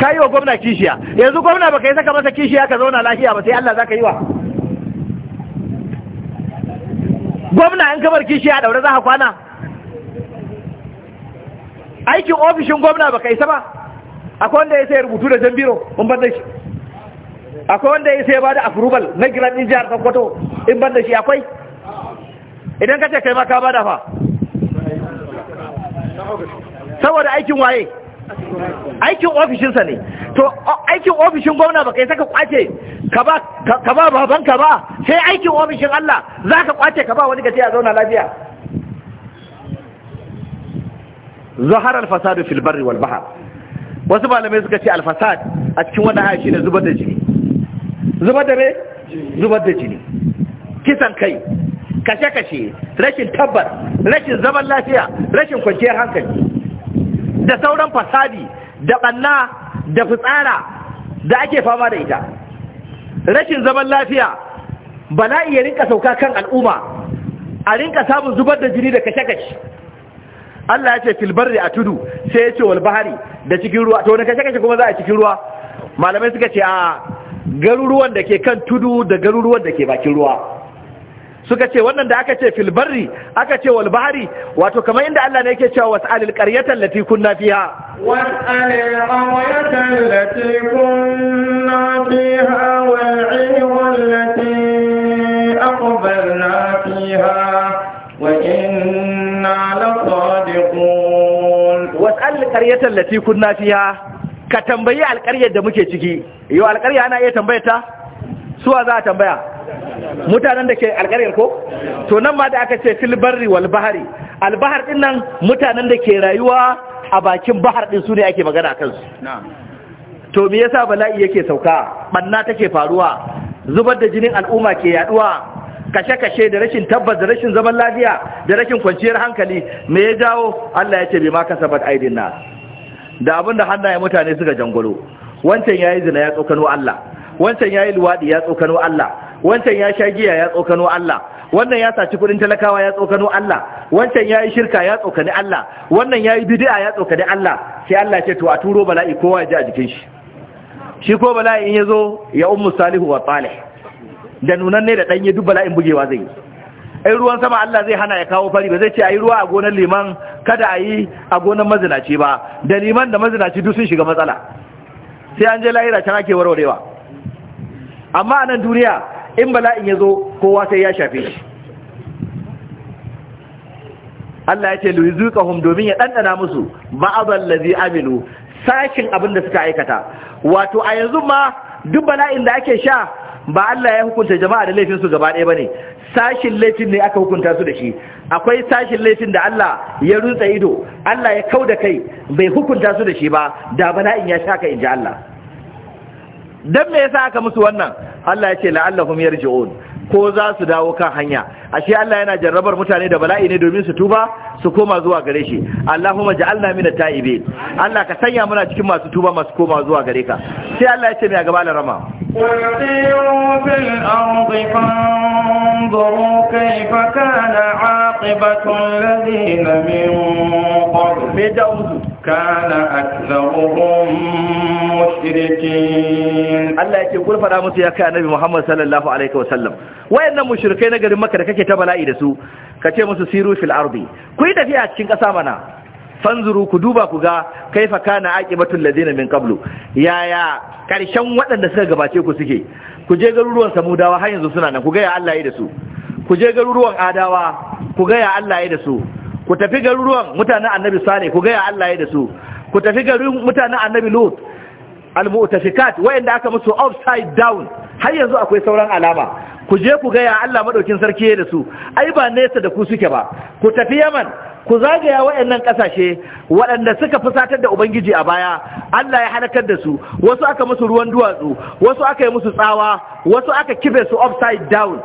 ka yi wa gwamna kishiya yanzu gwamna ba ka yi saka masa kishiya ka zauna lafiya ba sai Allah za ka yi wa gwamna in kamar kishiya a daure za a kwana aikin ofishin gwamna ba ka isa ba akwai wanda ya sai rubutu da jan biro in ban da shi akwai wanda ya sai ba da afrubal na giran din jihar Sokoto in ban da shi akwai idan ka ce kai ma ka bada fa saboda aikin waye aikin ofishinsa ne to aikin ofishin gwamna ba kai saka kwace ka ba babanka ba sai aikin ofishin Allah za ka kwace ka ba wani gaje a zauna lafiya zahara fasadu fil barri wasu malamai suka ce alfasad a cikin wani haya shine zubar da jini zubar da me zubar da jini kisan kai kashe-kashe rashin tabbar rashin zaman lafiya rashin kwanciyar hankali da sauran fasadi da ɓanna da fitsara da ake fama da ita rashin zaman lafiya bala'i ya rinka sauka kan al'umma a rinka samun zubar da jini da kashe-kashe Allah ya ce fil barri a tudu sai ya ce walbahari da cikin ruwa to wani kashe kashe kuma za a cikin ruwa malamai suka ce a garuruwan da ke kan tudu da garuruwan da ke bakin ruwa suka ce wannan da aka ce filbarri aka ce walbahari? wato kamar inda Allah ne yake cewa was'alil qaryata allati kunna fiha was'alil qaryata allati kunna fiha wal 'ayr allati aqbalna fiha wa in qaryatal lati kunna fiya ka tambayi alƙaryar da muke ciki yau alƙarya ana iya tambayar ta suwa za a tambaya mutanen da ke alƙaryar ko to nan ma da aka ce filbarri wal bahari albahar din nan mutanen da ke rayuwa a bakin bahar din su ne ake magana kan su to me yasa bala'i yake sauka banna take faruwa zubar da jinin al'umma ke yaduwa kashe-kashe da rashin tabbas da rashin zaman lafiya da rashin kwanciyar hankali me ya jawo Allah ya ce bai ma kasabat aidin na da da hannaye mutane suka jangwalo wancan ya yi zina ya tsokano Allah wancan ya yi luwaɗi ya tsokano Allah wancan ya sha giya ya tsokano Allah wannan ya saci kudin talakawa ya tsokano Allah wancan ya yi shirka ya tsokani Allah wannan ya yi bidi'a ya tsokani Allah sai Allah ya ce to a turo bala'i kowa ya ji a jikin shi shi ko bala'i in ya zo ya ummu salihu wa talih da nunanne da ɗanye duk bala'in bugewa zai ai ruwan sama Allah zai hana ya kawo fari ba zai ce ayi ruwa a gonar liman kada a yi a gonar mazinaci ba da liman da mazinaci duk sun shiga matsala sai an je lahira can ake warwarewa amma a nan duniya in bala'in ya zo kowa sai ya shafe shi Allah ya ce yuzuqahum domin ya dandana musu ba'dhal ladzi amilu sakin abin da suka aikata wato a yanzu ma duk bala'in da ake sha ba Allah ya hukunta jama'a da laifin su gaba ɗaya bane sashin laifin ne aka hukunta su da shi akwai sashin laifin da Allah ya rutsa ido Allah ya kauda kai bai hukunta su da shi ba da bana in ya shaka in ji Allah dan me yasa aka musu wannan Allah ya ce la'allahum yarji'un ko za su dawo kan hanya ashe Allah yana jarrabar mutane da bala'i ne domin su tuba su koma zuwa gare shi Allahumma ja'alna at ta'ibe Allah ka sanya muna cikin masu tuba masu koma zuwa gare ka sai Allah ya ce mai gaba da rama Me كان أكثرهم مشركين الله يكي قل فلا مسي يكا نبي محمد صلى الله عليه وسلم وإن مشركين قد مكة كي تبلا إدسو كي مسيروا في الأرض كي تفيا تشنك سامنا fanzuru ku duba ku ga Kai kaifa kana aqibatul ladina min qablu yaya karshen waɗanda suka gabace ku suke ku je garuruwan samudawa har yanzu suna nan ku ga ya Allah ya da su ku je garuruwan adawa ku ga ya Allah ya da su ku tafi garuruwan mutanen annabi sale ku gaya Allah ya da su ku tafi garin mutanen annabi lut al-mu'tafikat wayanda aka musu upside down har yanzu akwai sauran alama ku je ku gaya Allah madaukin sarki ya da su ai ba nesa da ku suke ba ku tafi Yaman ku zagaya wayannan kasashe waɗanda suka fusatar da ubangiji a baya Allah ya halakar da su wasu aka musu ruwan duwatsu wasu aka yi musu tsawa wasu aka kibe su upside down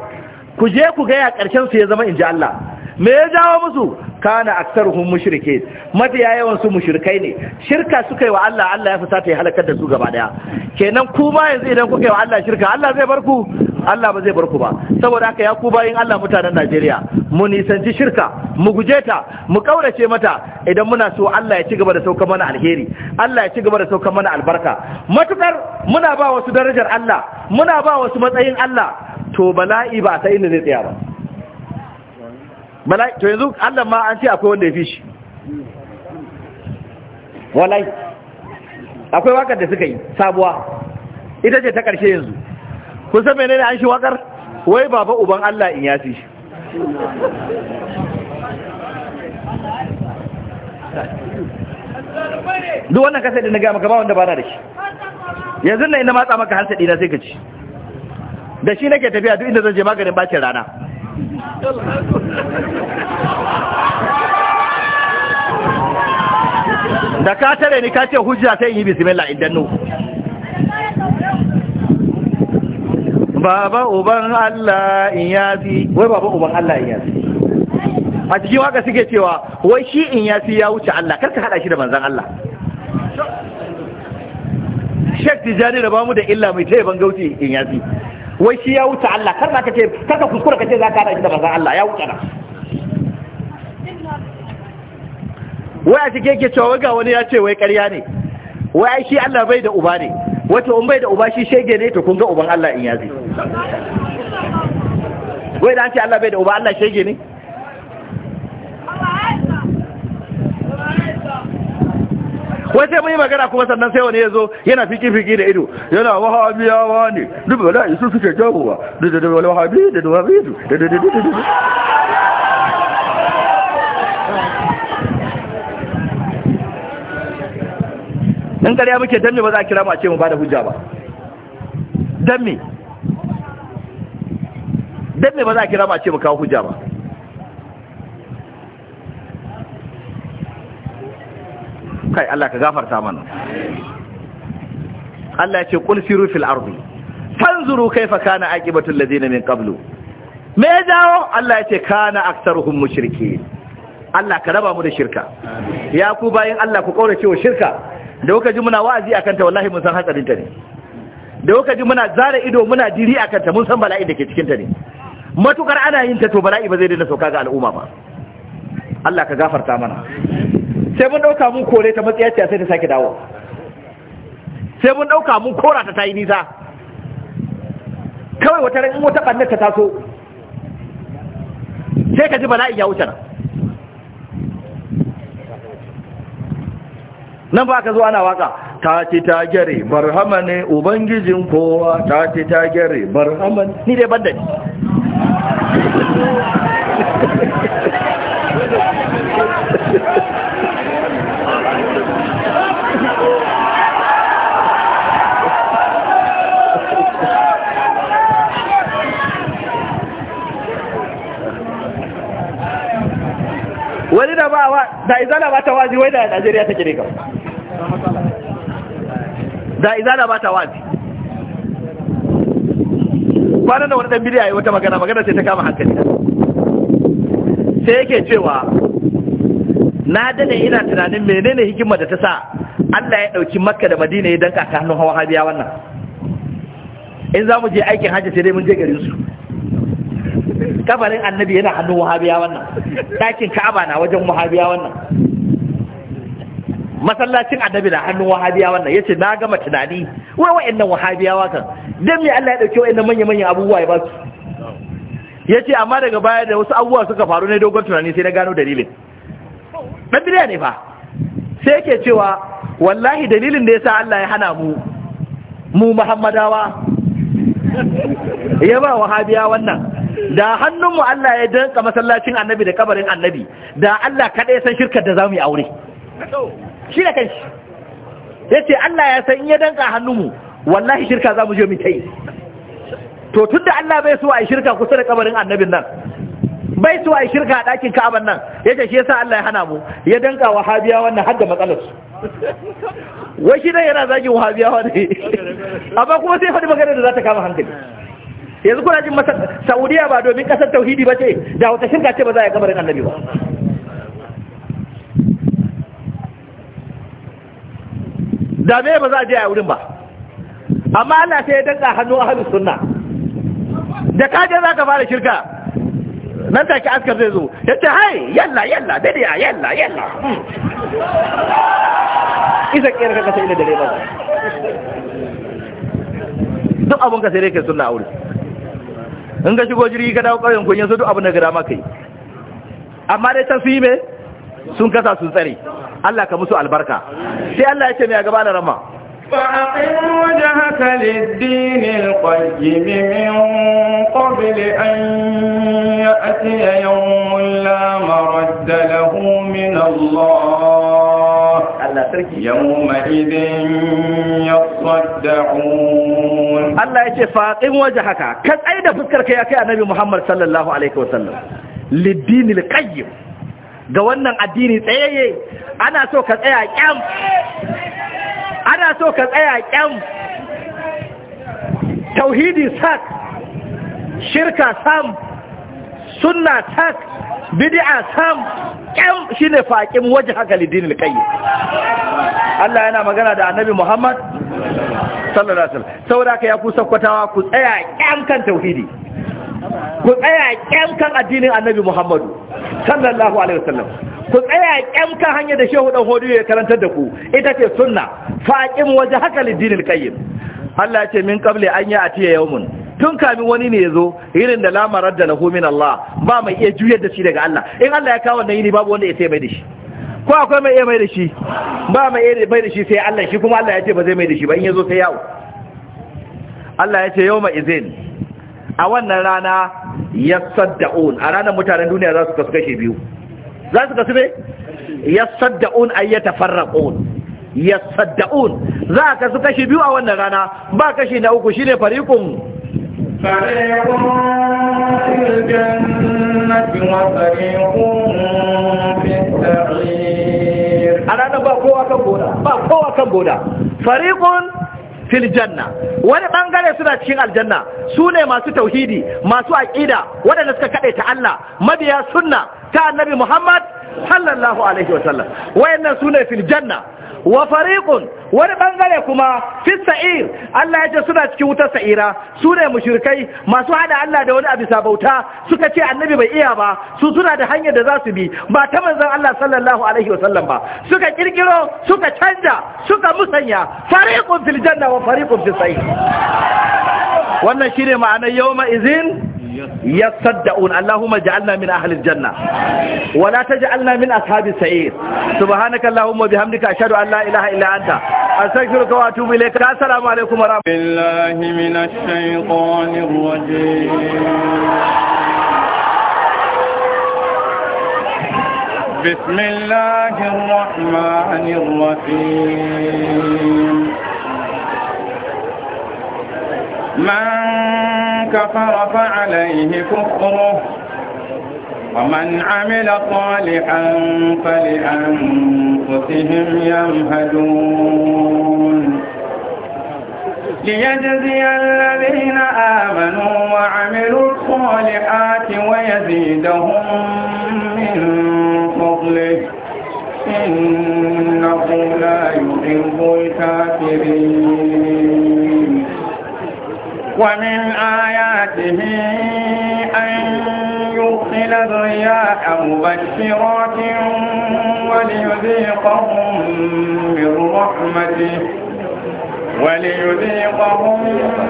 ku je ku gaya ƙarshen su ya zama inji Allah me ya jawo musu kana hun mushrike ya yawan su mushrikai ne shirka suka yi wa Allah Allah ya fusata ya halakar da su gaba daya kenan ku ma yanzu idan kuka yi wa Allah shirka Allah zai bar ku Allah ba zai bar ku ba saboda haka ya ku bayin Allah mutanen Najeriya mu nisanci shirka mu guje ta mu kaurace mata idan muna so Allah ya ci gaba da sauka mana alheri Allah ya ci gaba da sauka mana albarka matukar muna ba wasu darajar Allah muna ba wasu matsayin Allah to bala'i ba ta inda zai tsaya ba mala'i to yanzu Allah ma an ce akwai wanda ya fi shi walai akwai wakar da suka yi sabuwa ita ce ta ƙarshe yanzu kun san menene an shi wakar wai baba uban Allah in fi shi duk wannan kasa da na gama gaba wanda ba na da shi yanzu na ina matsa maka hansa dina sai ka ci da shi nake tafiya duk inda zan je maganin bakin rana da ka tare ni ka ce hujja sai yi bismillah idan nu baba uban Allah in yasi wai baba uban Allah in yasi a cikin waka suke cewa wai shi in yasi ya wuce Allah karka hada shi da manzan Allah Sheikh Tijani da bamu da illa mai taya gauti in yasi wai shi ya wuce Allah kar ka ce kar ka kuskura ka ce za ka da shi da bazan Allah ya wuce na wai a cikin yake cewa ga wani ya ce wai ƙarya ne wai shi Allah bai da uba ne wato in bai da uba shi shege ne to kun ga uban Allah in yazi wai da an ce Allah bai da uba Allah shege ne wai sai mu yi magana kuma sannan sai wani ya zo yana fiki fiki da ido yana wahabiyawa ne duk wani su suke jawowa da da wahabi da da wahabi da da da in ƙarya muke danne ba za a kira mu a ce mu ba da hujja ba danne danne ba za a kira mu a ce mu kawo hujja ba kai Allah ka gafarta mana Allah ya ce qul siru fil ardi fanzuru kaifa kana aqibatu alladhina min qablu me ya dawo Allah ya ce kana aktsaruhum mushrikeen Allah ka raba mu da shirka ya ku bayin Allah ku kaurace wa shirka da kuka ji muna wa'azi akan ta wallahi mun san hatsarin ta ne da kuka ji muna zare ido muna diri akan ta mun san bala'i da ke cikin ta ne matukar ana yin ta to bala'i ba zai daina sauka ga al'umma ba Allah ka gafarta mana sai mun ɗauka mun kore ta matsayar ta sai ta sake dawo sai mun ɗauka mun kora ta ta yi nisa kawai wata ran in wata ɓannar ta taso sai ka ji bala'i ya wuce nan nan ba ka zo ana waka ta ce ta gyare barhama ne ubangijin kowa ta ce ta gyare barhama ni dai banda ne wani da ba wa da izala ba ta wazi wai da Najeriya take ne kawai da izala ba ta wazi kwanan da wani dan bidiya yi wata magana magana sai ta kama hankali sai yake cewa na dade ina tunanin menene hikimar da ta sa Allah ya dauki Makka da Madina ya danka ta hannun hawa habiya wannan in za mu je aikin hajji sai dai mun je garin su kabarin annabi yana hannun wahabiya wannan ɗakin ka'aba na wajen wahabiya wannan masallacin annabi na hannun wahabiya wannan yace na gama tunani wai wa'annan wahabiyawa kan dan me Allah ya dauke wa'annan manya manyan abubuwa ya ba su yace amma daga baya da wasu abubuwa suka faru ne dogon tunani sai na gano dalilin dan bidiya ne fa sai yake cewa wallahi dalilin da yasa Allah ya hana mu mu Muhammadawa ya ba wahabiya wannan da hannunmu Allah ya danka masallacin annabi da kabarin annabi da Allah kaɗai san shirkar da za mu yi aure shi da kanshi ya ce Allah ya san in ya danka hannunmu wallahi shirka za mu je mu ta yi to tun da Allah bai so a yi shirka kusa da kabarin annabin nan bai so a yi shirka a ɗakin ka'aban nan ya ce shi yasa Allah ya hana mu ya danka wahabiya wannan har da matsalarsu wai shi dai yana zagin wahabiyawa ne amma kuma sai faɗi maganar da za ta kama hankali yanzu kuna jin masa saudiya ba domin ƙasar tauhidi ba ce da wata shirka ce ba za a yi kamarin annabi ba da me ba za a je a wurin ba amma Allah sai ya danka hannu a halin sunna da kaje za ka fara shirka nan take askar zai zo ya ce hai yalla yalla dadiya yalla yalla isa kiyar ka kasa ina dare ba duk abin ka sai dai kai sunna aure in ka shigo jirgi ka dawo ƙauyen kun yanzu duk abin da ga ma kai amma dai ta su sun kasa sun tsare Allah ka musu albarka sai Allah ya ce mai gaba da rama فأقم وجهك للدين القيم من قبل أن يأتي يوم لا مرد له من الله sarki Allah ya ce faɗin waje haka kan ai da fuskar kai ya kai annabi Muhammad sallallahu alaihi wasallam lidinil qayyim ga wannan addini tsayayye ana so ka tsaya kyam ana so ka tsaya kyam tauhidi sak shirka sam sunna tak bid'a sam kam shine faqim wajha galidin alqayy Allah yana magana da annabi Muhammad sallallahu alaihi wasallam saboda kai ku sakkwatawa ku tsaya kyam kan tauhidi ku tsaya kyam kan addinin annabi Muhammadu sallallahu alaihi wasallam ku tsaya kyam kan hanya da shehu dan hodu ya karantar da ku ita ce sunna faqim wajha galidin alqayy Allah ya ce min kable an ya atiya yawmun tun kamin wani ne yazo irin da lamarar da lahu min Allah ba mai iya juyar da shi daga Allah in Allah ya kawo wannan yini babu wanda ya sai mai da shi ko akwai mai iya mai da shi ba mai iya mai da shi sai Allah shi kuma Allah ya ce ba zai mai da shi ba in yazo sai yawo Allah ya ce yawma izin a wannan rana yasaddaun a ranar mutanen duniya za su kasu kashe biyu za su kasu ne yasaddaun ayyata farraqun yasadda'un za ka su kashi biyu a wannan rana ba kashi na uku shine fariqun fariqun fil jannati a ranar ba kowa kan goda ba kowa kan goda fariqun fil wani bangare suna cikin aljanna su ne masu tauhidi masu aƙida waɗanda suka kaɗe ta Allah mabiya sunna ta annabi Muhammad sallallahu alaihi wasallam wayannan su ne fil janna wa fariqun wani bangare kuma fi sa'ir Allah ya ce suna cikin wutar sa'ira su ne mushrikai masu hada Allah da wani abu sabauta suka ce annabi bai iya ba su suna da hanyar da za su bi ba ta manzon Allah sallallahu alaihi sallam ba suka kirkiro suka canja suka musanya fariqun fil janna wa fariqun fis sa'ir wannan shine ma'anar yawma izin يصدقون اللهم اجعلنا من أهل الجنة ولا تجعلنا من أصحاب السعير سبحانك اللهم وبحمدك أشهد أن لا إله إلا أنت أستغفرك وأتوب إليك السلام عليكم ورحمة الله من الشيطان الرجيم بسم الله الرحمن الرحيم من كفر فعليه كفره ومن عمل صالحا فلأنفسهم يمهدون ليجزي الذين آمنوا وعملوا الصالحات ويزيدهم من فضله إنه لا يحب الكافرين ومن آياته أن يرسل الرياح مبشرات وليذيقهم من رحمته وليذيقهم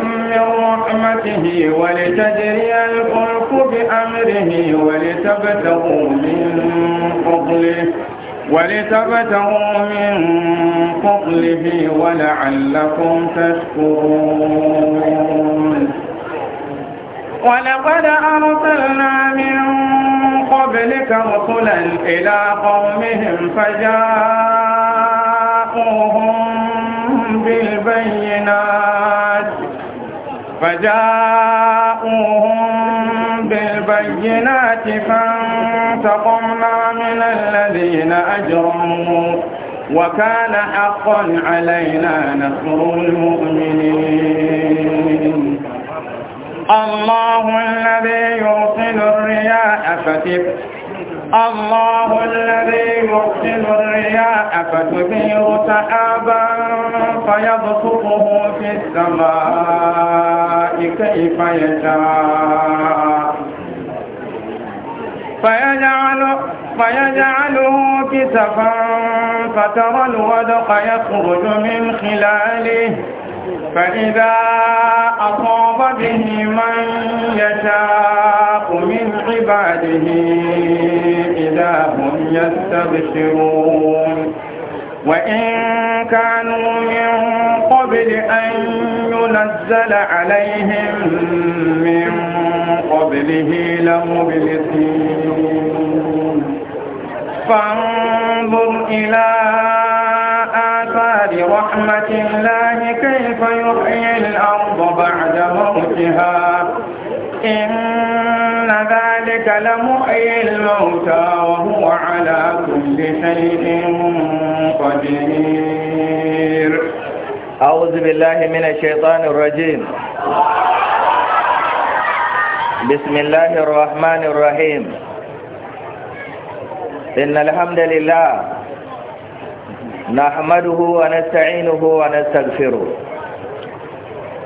من رحمته ولتجري الفلك بأمره ولتبتغوا من فضله ولتبتغوا من فضله ولعلكم تشكرون ولقد أرسلنا من قبلك رسلا إلى قومهم فجاءوهم بالبينات فجاءوهم بالبينات فانتقمنا من الذين أجرموا وكان حقا علينا نصر المؤمنين الله الذي يرسل الرياح فتب الله الذي يرسل الرياح فتثير سحابا فيبسطه في السماء كيف يشاء فيجعل فيجعله كسفا فترى الودق يخرج من خلاله فإذا أصاب به من يشاء من عباده إذا هم يستبشرون وإن كانوا من قبل أن ينزل عليهم من قبله لمبلسين فانظر إلى آثار رحمة الله كيف يحيي الأرض بعد موتها إن ذلك لمحيي الموتى وهو على كل شيء قدير أعوذ بالله من الشيطان الرجيم بسم الله الرحمن الرحيم إن الحمد لله نحمده ونستعينه ونستغفره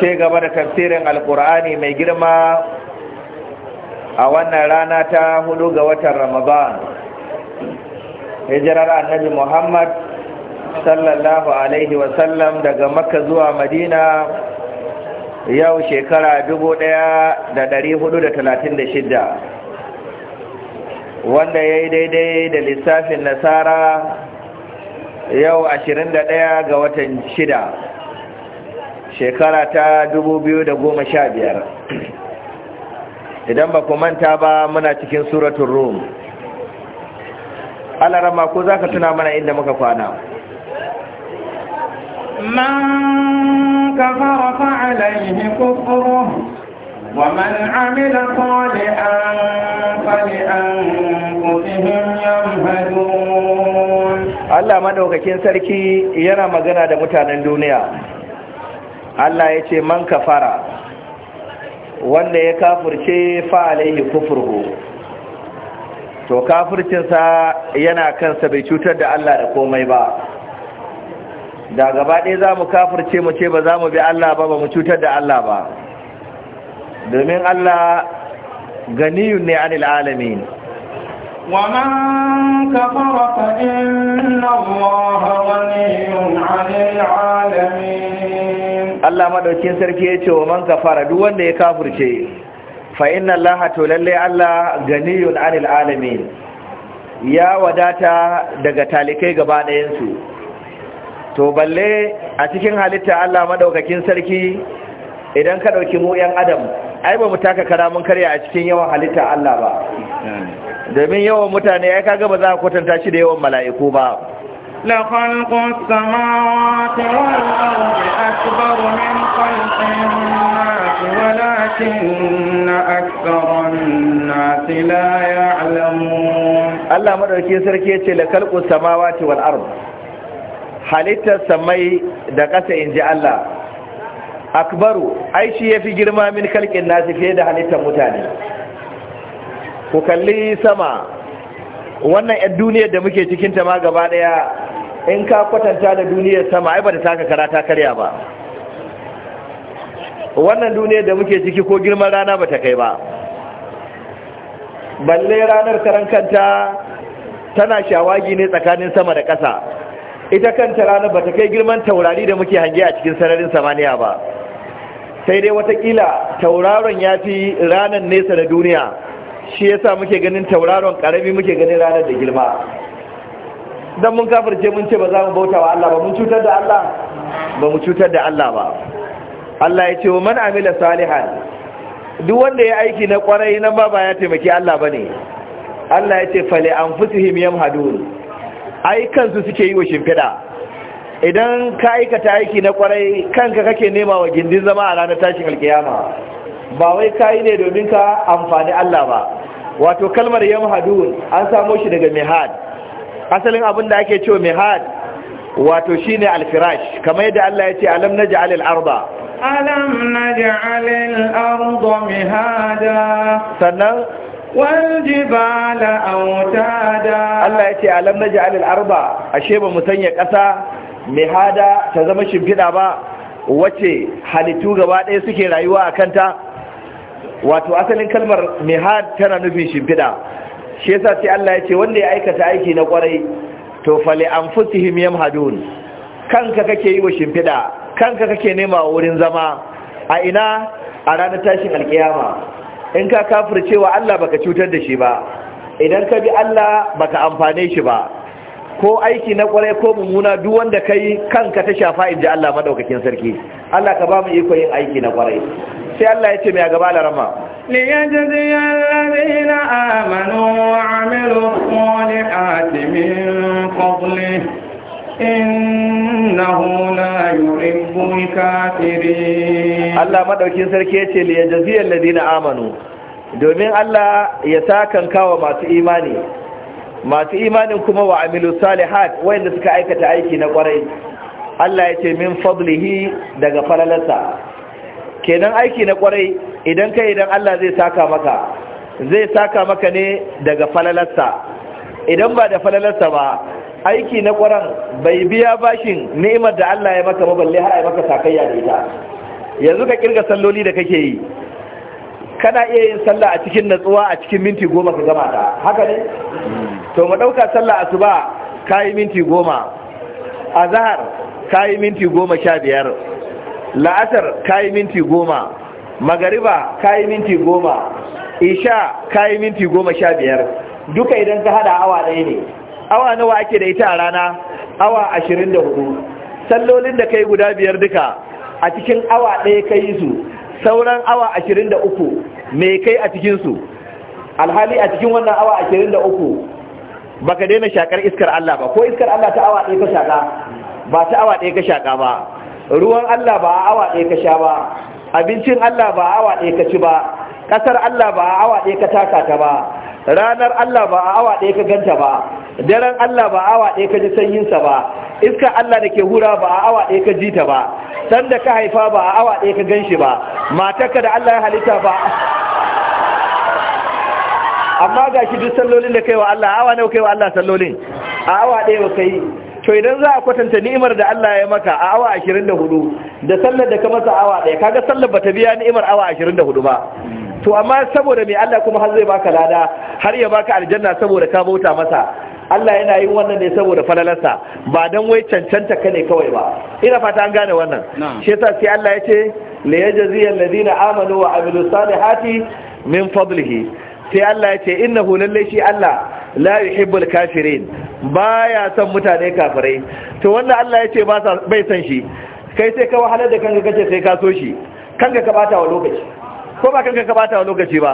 ce gaba da tafsirin alkur'ani mai girma a wannan rana ta hudu ga watan ramadan hijirar annabi muhammad sallallahu alaihi wasallam daga makka zuwa madina yau shekara shida, wanda ya yi daidai da lissafin nasara yau 21 ga watan shida shekara ta 2015 idan ba ku manta ba muna cikin suratun rum alarama ko za ka tuna mana inda muka kwana ومن عمل صالحا فلأنفسهم يمهدون Allah maɗaukakin sarki yana magana da mutanen duniya Allah ya ce man kafara wanda ya kafurce fa alaihi kufurhu to kafurcinsa yana kansa bai cutar da Allah da komai ba da gaba ɗaya za mu kafurce mu ce ba za mu bi Allah ba ba mu cutar da Allah ba domin Allah ganiyun ne anil alamin ومن كفر فإن الله غني عن العالمين الله مدوكين سركي يتي ومن كفر دو wanda ya kafirce fa inna Allah to lalle Allah ganiyun anil alamin ya wadata daga talikai gaba ɗayan su to balle a cikin halitta Allah maɗaukakin sarki idan ka ɗauki mu yan adam ai ba mu taka kara karya a cikin yawan halitta Allah ba domin yawan mutane ai kaga ba za ka kwatanta shi da yawan mala'iku ba la khalqu samawati wal ardi akbar min khalqin nasi walakinna aktharan nasi la ya'lamun Allah madauki sarki yace la khalqu samawati wal ardi halittar samai da ƙasa inji Allah akbaru ai shi yafi girma min kalkin nasi fiye da halittar mutane ku kalli sama wannan yan duniyar da muke cikin ta ma gaba daya in ka kwatanta da duniyar sama ai ba da taka karata karya ba wannan duniyar da muke ciki ko girman rana ba ta kai ba balle ranar karan kanta tana shawagi ne tsakanin sama da ƙasa ita kanta ranar ba ta kai girman taurari da muke hange a cikin sararin samaniya ba sai dai watakila tauraron ya fi ranar nesa da duniya shi yasa muke ganin tauraron karami muke ganin ranar da girma don mun kafirce mun ce ba za mu bauta wa Allah ba mun cutar da Allah ba mu cutar da Allah ba Allah ya ce wa man amila salihan duk wanda ya aiki na kwarai nan ba ba ya taimaki Allah bane Allah ya ce fali anfusihim yamhadun ai kansu suke yi wa shimfiɗa idan ka aikata aiki na kwarai kanka kake nema wa gindin zama a ranar tashin alkiyama ba wai ka yi ne domin ka amfani Allah ba wato kalmar yamhadun an samo shi daga mihad asalin abin da ake cewa mihad wato shi shine alfirash kamar yadda Allah ya ce alam na ja'alil arba. alam na ja'alil arba mihada sannan Allah ya والجبال أوتادا Arba يتي ألم نجعل الأرض kasa me hada ta zama shimfiɗa ba. wacce halittu gaba ɗaya suke rayuwa a kanta wato asalin kalmar had tana nufin shimfiɗa shi yasa sai Allah ya ce wanda ya aikata aiki na kwarai to fali anfusihim yamhadun kanka kake yi wa shimfiɗa kanka kake nema wurin zama a ina a ranar tashin alkiyama in ka cewa Allah baka cutar da shi ba idan ka bi Allah baka amfane shi ba ko aiki na kwarai ko mummuna duk wanda kai kanka ta shafa in ji Allah madaukakin sarki Allah ka ba mu iko yin aiki na kwarai sai Allah ya ce mai gaba larama ليجزي الذين آمنوا وعملوا الصالحات Allah maɗaukin sarki ya yace liya yajziyal ladina amanu domin Allah ya sakan kawo masu imani masu imanin kuma wa amilu salihat wayanda suka aikata aiki na kwarai Allah ya ce min fadlihi daga falalarsa kenan aiki na kwarai idan kai idan Allah zai saka maka zai saka maka ne daga falalarsa idan ba da falalarsa ba aiki na kwaran bai biya bashin ni'imar da Allah ya maka ba balle har ai maka sakayya da ita yanzu ka kirga salloli da kake yi kana iya yin sallah a cikin natsuwa a cikin minti goma ka gama ta haka ne to mu ɗauka sallah asuba ka yi minti goma a zahar ka yi minti goma sha biyar la'asar ka yi minti goma magariba ka yi minti goma isha ka yi minti goma sha biyar duka idan ka hada awa ɗaya ne awa nawa ake da ita a rana awa ashirin da hudu sallolin da kai guda biyar duka a cikin awa ɗaya ka yi su sauran awa ashirin da uku mai kai a cikinsu alhali a cikin wannan awa ashirin da uku ba ka daina shakar iskar Allah ba ko iskar Allah ta awa ɗaya ka shaƙa ba ta awa ɗaya ka shaƙa ba ruwan Allah ba a awa ɗaya ka sha ba abincin Allah ba a awa ɗaya ka ci ba ƙasar Allah ba a awa ɗaya ka taka ta ba ranar Allah ba a awa ɗaya ka ganta ba daren Allah ba a awa ɗaya ka ji sanyinsa ba iska Allah da ke hura ba a awa ɗaya ka ji ta ba san da ka haifa ba a awa ɗaya ka gan shi ba matarka da Allah ya halitta ba amma ga shi duk sallolin da kaiwa wa Allah awa nawa kaiwa wa Allah sallolin a awa ɗaya ba kai to idan za a kwatanta ni'imar da Allah ya maka a awa 24 da sallar da ka masa awa ɗaya kaga sallar bata biya ni'imar awa 24 ba to amma saboda mai Allah kuma har zai baka lada har ya baka aljanna saboda ka bauta masa Allah yana yin wannan ne saboda falalarsa ba dan wai cancanta ka ne kawai ba ina fata an gane wannan shi yasa sai Allah ya ce la yajzi alladhina amanu wa amilus salihati min fadlihi sai Allah ya ce innahu lalle shi Allah la yuhibbul kafirin baya son mutane kafirai to wannan Allah ya ce ba bai san shi kai sai ka wahalar da kanka kace sai ka so shi kanka ka bata wa lokaci ko ba kanka bata wa lokaci ba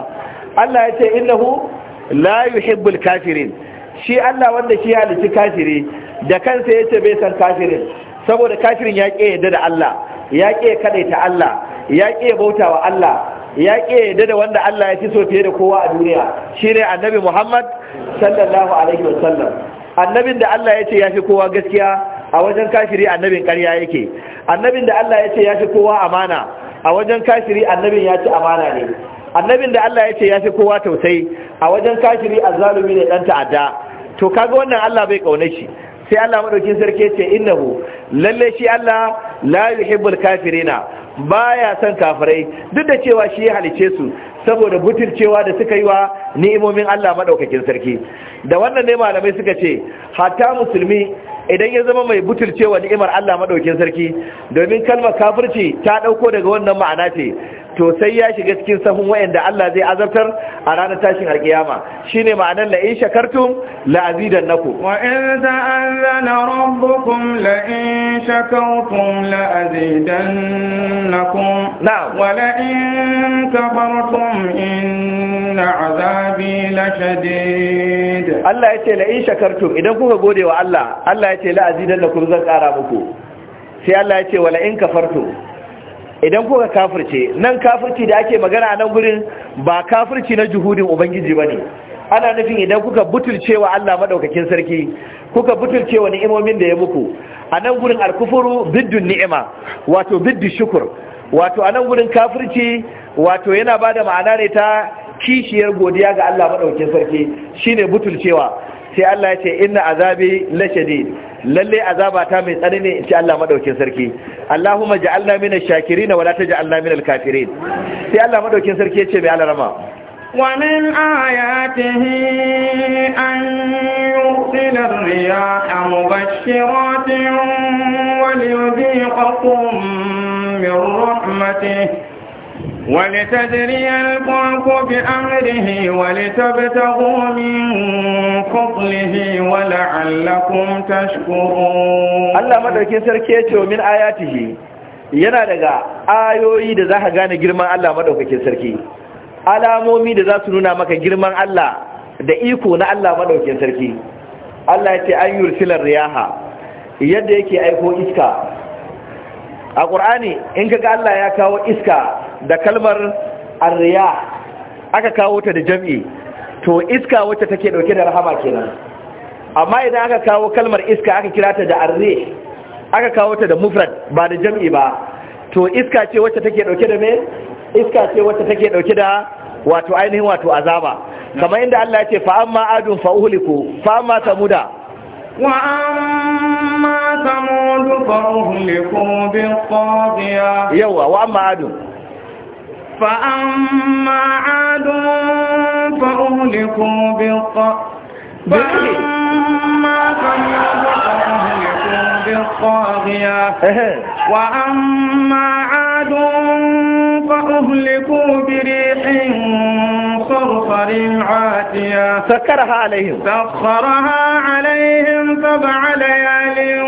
Allah ya ce innahu la yuhibbul kafirin shi Allah wanda shi halici kafiri da kansa ya ce bai san kafirin saboda kafirin ya ƙi yadda da Allah ya ƙi kadaita Allah ya ƙi bauta Allah ya ƙi yadda da wanda Allah ya fi so fiye da kowa a duniya shine annabi Muhammad sallallahu alaihi wasallam annabin da Allah ya ce ya fi kowa gaskiya a wajen kafiri annabin ƙarya yake annabin da Allah ya ce ya fi kowa amana a wajen kafiri annabin ya ci amana ne annabin da Allah ya ce ya fi kowa tausayi a wajen kafiri azzalumi ne dan ta'adda to kaga wannan Allah bai kauna shi sai Allah madauki sarki ce innahu lalle shi Allah la yuhibbul kafirina baya son kafirai duk da cewa shi ya halice su saboda butulcewa da suka yi wa ni'imomin Allah maɗaukakin sarki da wannan ne malamai suka ce hatta musulmi idan ya zama mai butulcewa ni'imar Allah madaukakin sarki domin kalmar kafirci ta ɗauko daga wannan ma'ana ce to sai ya shiga cikin sahun wayanda Allah zai azabtar a ranar tashin alkiyama shine ma'anar la in shakartum la naku wa in a rabbukum la in shakartum la azidannakum na'am wa la in kafartum inna azabi shadid Allah yace la in shakartum idan kuka gode wa Allah Allah yace la azidannakum zan kara muku sai Allah yace wala in kafartum idan kuka kafirce nan kafirci da ake magana a nan gurin ba kafirci na juhudin ubangiji ba ne ana nufin idan kuka butulce wa Allah maɗaukakin sarki kuka butulce wa ni'imomin da ya muku a nan gurin alkufuru biddun ni'ima wato biddu shukur wato a nan gurin kafirci wato yana bada ma'ana ne ta kishiyar godiya ga Allah madaukakin sarki shine butulcewa sai Allah ya ce inna azabi lashadid lalle azaba ta mai tsanani in ci Allah madaukin sarki Allahumma ja'alna minash shakirin wa la taj'alna minal kafirin sai Allah madaukin sarki ya ce mai alarama ومن آياته أن يرسل الرياح مبشرات وليذيقكم من رحمته ولتدري الفلك بأمره ولتبتغوا من فضله ولعلكم تشكرون الله مدركين سركيته من آياته yana daga ayoyi da za ka gane girman Allah maɗaukakin sarki alamomi da za su nuna maka girman Allah da iko na Allah maɗaukakin sarki Allah ya ce an yursilar riyaha yadda yake aiko iska a ƙur'ani in kaga Allah ya kawo iska da kalmar arriya aka kawo ta da jam'i to iska wacce take dauke da rahama kenan amma idan aka kawo kalmar iska aka kira ta da arri aka kawo ta da mufrad ba da jam'i ba to iska ce wacce take dauke da me iska ce wacce take dauke da wato ainihin wato azaba kamar inda Allah ya ce fa amma adun fa uhliku fa amma samuda وأما ثمود فأهلكوا بالطاغية يوا وأما عاد فأما عاد فأهلكوا بالطاغية فأما ثمود فأهلكوا بالطاغية وأما عاد فأهلكوا بريح صرصر عاتيا سكرها عليهم سخرها عليهم سبع ليال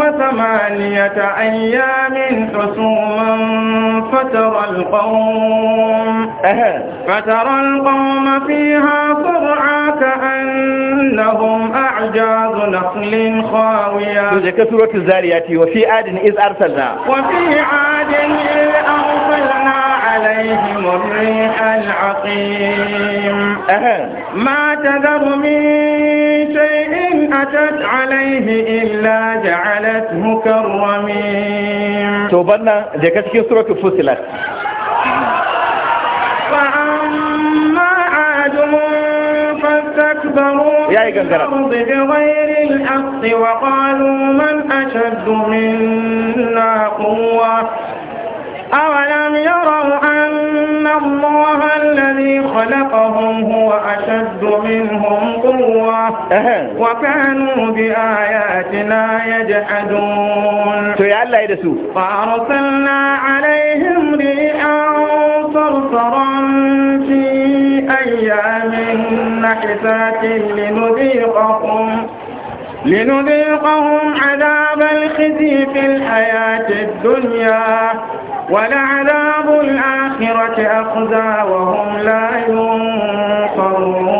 وثمانية أيام حسوما فترى القوم فترى القوم فيها صرعا كأنهم أعجاز نخل خاوية كثرة الزاريات وفي عاد إذ أرسلنا وفي عاد إذ أرسلنا عليهم الريح العقيم ما تذر من شيء أتت عليه إلا جعلته كالرميم توبنا جاكتك سورة فصلت فأما عاد فاستكبروا في الأرض بغير الحق وقالوا من أشد منا قوة أولم يروا أن إن الله الذي خلقهم هو أشد منهم قوة وكانوا بآياتنا يجحدون فأرسلنا عليهم ريحا صرصرا في أيام نحسات لنذيقهم لنذيقهم عذاب الخزي في الحياة الدنيا ولعذاب الآخرة أخزى وهم لا ينصرون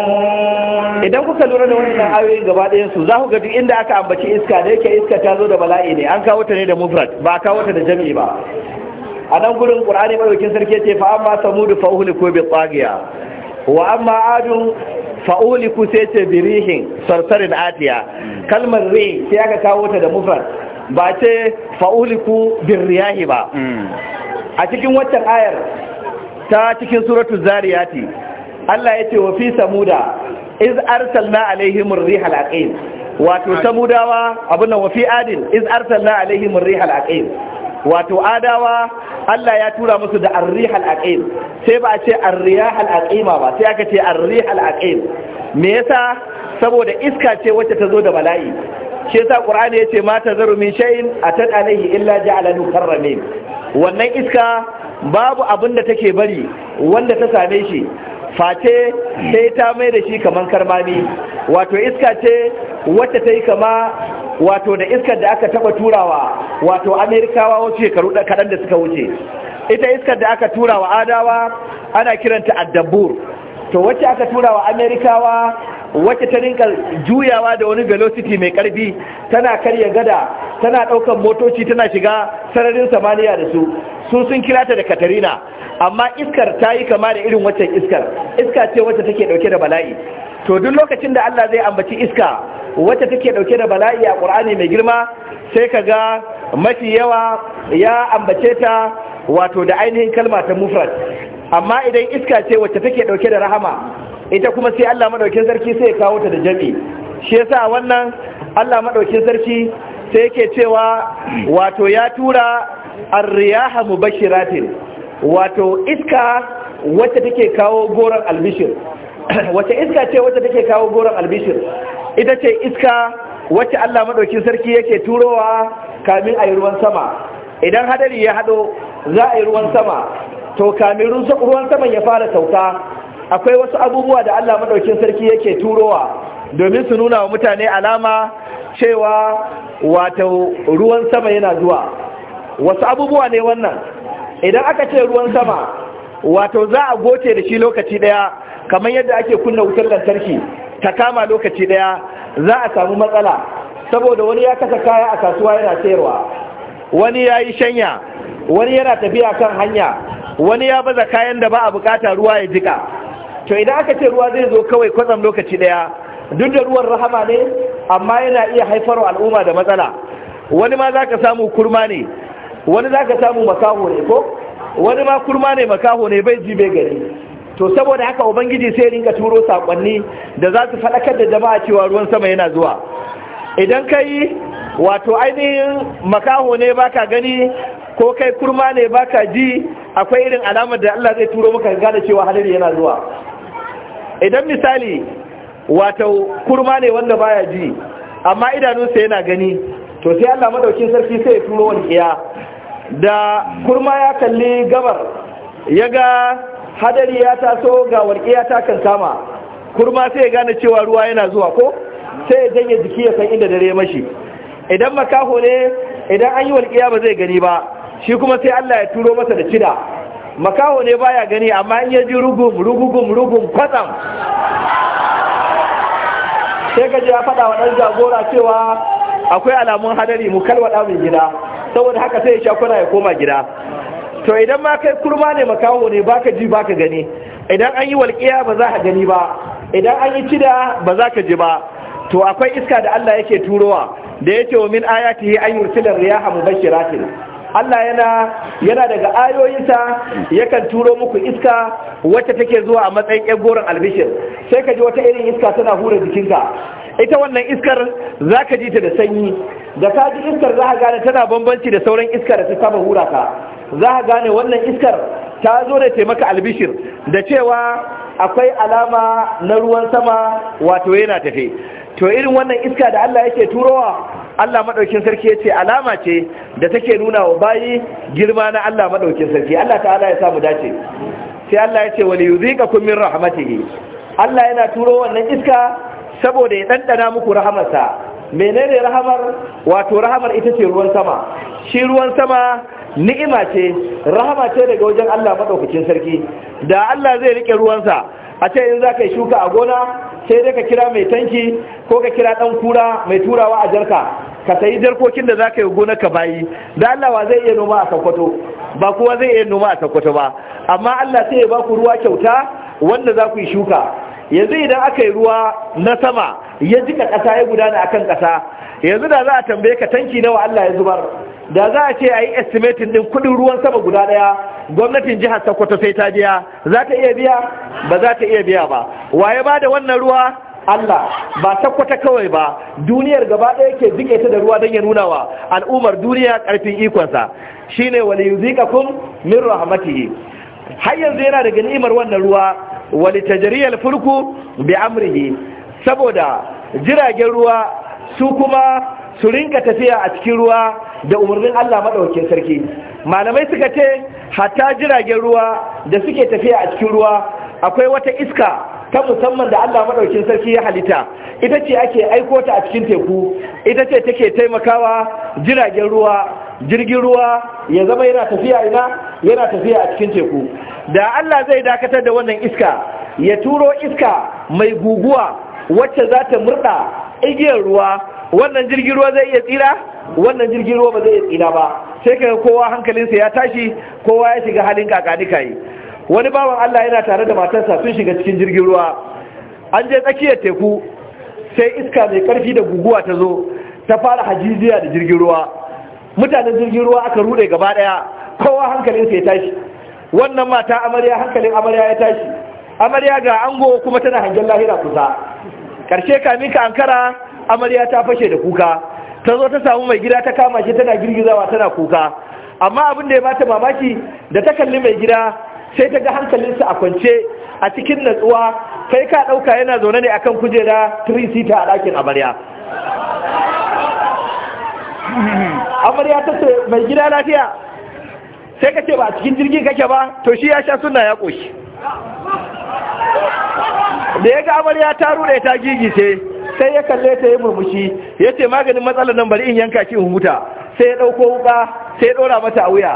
idan kuka lura da wannan ayoyin gaba ɗayan su za ku ga duk inda aka ambaci iska da yake iska ta zo da bala'i ne an kawo ta ne da mufrad ba a kawo ta da jami'i ba a nan gurin qur'ani madaukin sarki ya ce fa amma samudu fa uhliku bi tsagiya wa amma adun fa'uliku sai ce birihin sarsarin atiya kalmar ri sai aka kawo ta da mufrad ba ce fa'uliku bin riyahi ba mm. a cikin waccan ayar ta cikin suratun zariyati Allah ya ce wa fi samuda iz arsalna alaihim rihal aqim wato samudawa abinan wa fi adin iz arsalna alaihim rihal aqim wato adawa Allah ya tura musu da arrihal aqim sai ba a ce arrihal aqima ba sai aka ce arrihal aqim me yasa saboda iska ce wacce ta zo da bala'i shi yasa qur'ani yace mata zaru min shay'in atad alayhi illa ja'alahu karramin wannan iska babu abin da take bari wanda ta same shi face sai ta mai da shi kaman karmami wato iska ce wacce ta yi kama wato da iskar da aka taba turawa wato amerikawa wasu shekaru kaɗan da suka wuce ita iskar da aka turawa adawa ana kiranta addabur to wacce aka turawa amerikawa wacce ta rinka juyawa da wani velocity mai karfi tana karya gada tana daukan motoci tana shiga sararin samaniya da su su sun kira ta da katarina amma iskar ta yi kama da irin waccan iskar iska ce wacce take dauke da bala'i to duk lokacin da Allah zai ambaci iska wacce take dauke da bala'i a Qur'ani mai girma sai kaga mafi yawa ya ambace ta wato da ainihin kalma ta mufrad amma idan iska ce wacce take dauke da rahama ita kuma sai Allah madaukin sarki sai ya kawo ta da jami shi yasa wannan Allah madaukin sarki sai yake cewa wato ya tura arriyaha mubashiratin wato iska wacce take kawo goron albishir [clears throat] wacce iska ce wacce take kawo goron albishir ita ce iska wacce Allah madaukin sarki yake turowa kamin a yi ruwan sama idan hadari ya hado za a yi ruwan sama to kamin ruwan sama ya fara sauka akwai wasu abubuwa da Allah madaukin sarki yake turowa domin su nuna wa mutane alama cewa wato ruwan sama yana zuwa wasu abubuwa ne wannan idan aka ce ruwan sama wato za a goce da shi lokaci daya kamar yadda ake kunna wutar lantarki ta kama lokaci daya za a samu matsala saboda wani ya kasa kaya a kasuwa yana sayarwa wani ya yi shanya wani yana tafiya kan hanya wani ya baza kayan da ba a bukata ruwa ya jika to idan aka ce ruwa zai zo kawai kwatsam lokaci daya duk da ruwan rahama ne amma yana iya haifarwa al'umma da matsala wani ma za ka samu kurma ne wani za ka samu makaho ne ko wani ma kurma ne makaho ne bai ji bai gari to saboda haka ubangiji sai rinka turo sakonni da za su faɗakar da jama'a cewa ruwan sama yana zuwa idan ka wato ainihin makaho ne baka gani ko kai kurma ne baka ji akwai irin alamar da Allah zai turo maka gane cewa hadari yana zuwa idan misali wato kurma ne wanda baya ji amma idanunsa yana gani to sai Allah madaukin sarki sai ya turo walƙiya da kurma ya kalli gabar yaga ga hadari ya taso ga walƙiya ta kan kama kurma sai ya gane cewa ruwa yana zuwa ko sai ya janye jiki ya san inda dare mashi idan makaho ne idan an yi walƙiya ba zai gani ba shi kuma sai Allah ya turo masa da cida makaho ne baya gani amma in ya ji rugum rugum rugum kwatsam sai ka ya faɗa wa ɗan jagora cewa akwai alamun hadari mu kalwaɗa mai gida saboda haka sai ya sha kuna ya koma gida to idan ma kai kurma ne makaho ne baka ji baka gani idan an yi walƙiya ba za ka gani ba idan an yi cida ba za ka ji ba to akwai iska da Allah yake turowa da yake wa min ayatihi ayyur yursila riyaha mubashiratin Allah yana yana daga ayoyinsa yakan turo muku iska wacce take zuwa a matsayin ƴan goron albishir sai ka ji wata irin iska tana hura jikinka ita wannan iskar za ka ji ta da sanyi da ka ji iskar za ka gane tana bambanci da sauran iskar da ta saba hura ka za ka gane wannan iskar ta zo da taimaka albishir da cewa akwai alama na ruwan sama wato yana tafe to irin wannan iska da Allah yake turowa Allah madaukin sarki yace alama ce da take nuna wa bayi girma na Allah madaukin sarki Allah ta'ala ya samu dace sai Allah yace wa liyuzikakum min rahmatihi Allah yana turo wannan iska saboda ya dandana muku rahamarsa menene rahamar wato rahamar ita ce ruwan sama shi ruwan sama ni'ima ce rahama ce daga wajen Allah madaukakin sarki da Allah zai rike ruwansa a ce in za ka yi shuka a gona sai dai ka kira mai tanki ko ka kira ɗan kura mai turawa a jarka ka sayi jarkokin da za ka yi gona ka bayi da Allah wa zai iya noma a sakwato ba kuwa zai iya noma a sakwato ba amma Allah sai ya ba ku ruwa kyauta wanda za ku yi shuka yanzu idan aka yi ruwa na sama ya jika ƙasa ya gudana akan ƙasa yanzu da za a tambaye ka tanki nawa Allah ya zubar da za a ce a yi estimating ɗin kudin ruwan sama guda ɗaya. gwamnatin jihar sokoto sai ta biya za ta iya biya ba za ta iya biya ba waye ba da wannan ruwa Allah ba sakwato kawai ba duniyar gaba ɗaya ke zike ta da ruwa don ya nuna wa al'ummar duniya ƙarfin ikonsa shine wali kun min rahmatihi har yanzu yana da ni'imar wannan ruwa Wani tajariyar furku bi amrihi saboda jiragen ruwa su kuma su rinka tafiya a cikin ruwa da umarnin Allah maɗaukin sarki malamai suka ce hatta jiragen ruwa da suke tafiya a cikin ruwa akwai wata iska ta musamman da Allah maɗaukin sarki ya halitta ita ce ake aiko ta a cikin teku ita ce take taimakawa jiragen ruwa jirgin ruwa ya zama yana tafiya ina yana tafiya a cikin teku da Allah zai dakatar da wannan iska ya turo iska mai guguwa wacce za ta murda igiyar ruwa wannan jirgin ruwa zai iya tsira wannan jirgin ruwa ba zai iya tsira ba sai kaga kowa hankalinsa ya tashi kowa ya shiga halin kakanika yi wani bawan Allah yana tare da matarsa sun shiga cikin jirgin ruwa an je tsakiyar teku sai iska mai karfi da guguwa ta zo ta fara hajijiya da jirgin ruwa mutanen jirgin ruwa aka rude gaba daya kowa hankalinsa ya tashi wannan mata amarya hankalin amarya ya tashi amarya ga ango kuma tana hangen lahira kusa karshe kamin ka ankara amarya ta fashe da kuka ta zo ta samu mai gida ta kama shi tana girgizawa tana kuka amma abin da ya bata mamaki da ta kalli mai gida sai ta ga hankalinsa a kwance a cikin natsuwa kai ka ɗauka yana zaune ne akan kujera 3 seater a ɗakin amarya amarya ta ce mai gida lafiya sai ka ce ba a cikin jirgin kake ba to shi ya sha suna ya ƙoshi da ya ga amarya ta rure ta gigise, sai ya kalle ta yi murmushi ya ce maganin matsalar nan bari in yanka ki in huta sai ya ɗauko wuka sai ya ɗora mata a wuya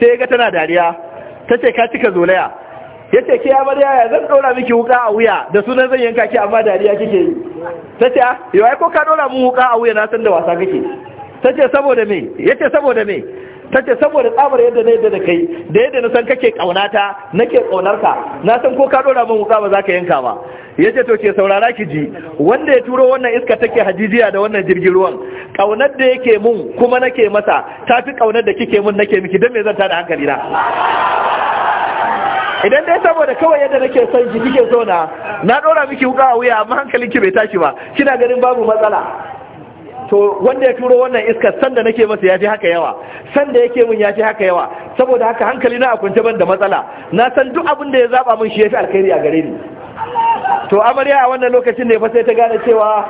sai ya ga tana dariya ta ce ka cika zolaya ya ce ke amarya ya zan ɗora miki wuka a wuya da sunan zan yanka ki amma dariya kike yi ta ce ah, yau ai ko ka ɗora mu wuka a wuya na san da wasa kake ta ce saboda me ya ce saboda me ta ce saboda tsabar yadda na yadda da kai da yadda na san kake kaunata, nake kaunarka, na san ko ka ɗora min wuƙa ba za ka yanka ba ya ce to ke saurara ki ji wanda ya turo wannan iska take hajijiya da wannan jirgin ruwan ƙaunar da yake mun kuma nake masa ta fi ƙaunar da kike mun nake miki don me zan tada hankali na idan dai saboda kawai yadda nake son ki kike so na na ɗora miki wuka a wuya amma hankalinki bai tashi ba kina ganin babu matsala to wanda ya turo wannan iska sanda nake masa ya haka yawa sanda yake mun ya fi haka yawa saboda haka hankali na a ban da matsala na san duk abin da ya zaba min shi ya fi alkhairi a gare ni to amarya a wannan lokacin ne fa sai ta gane cewa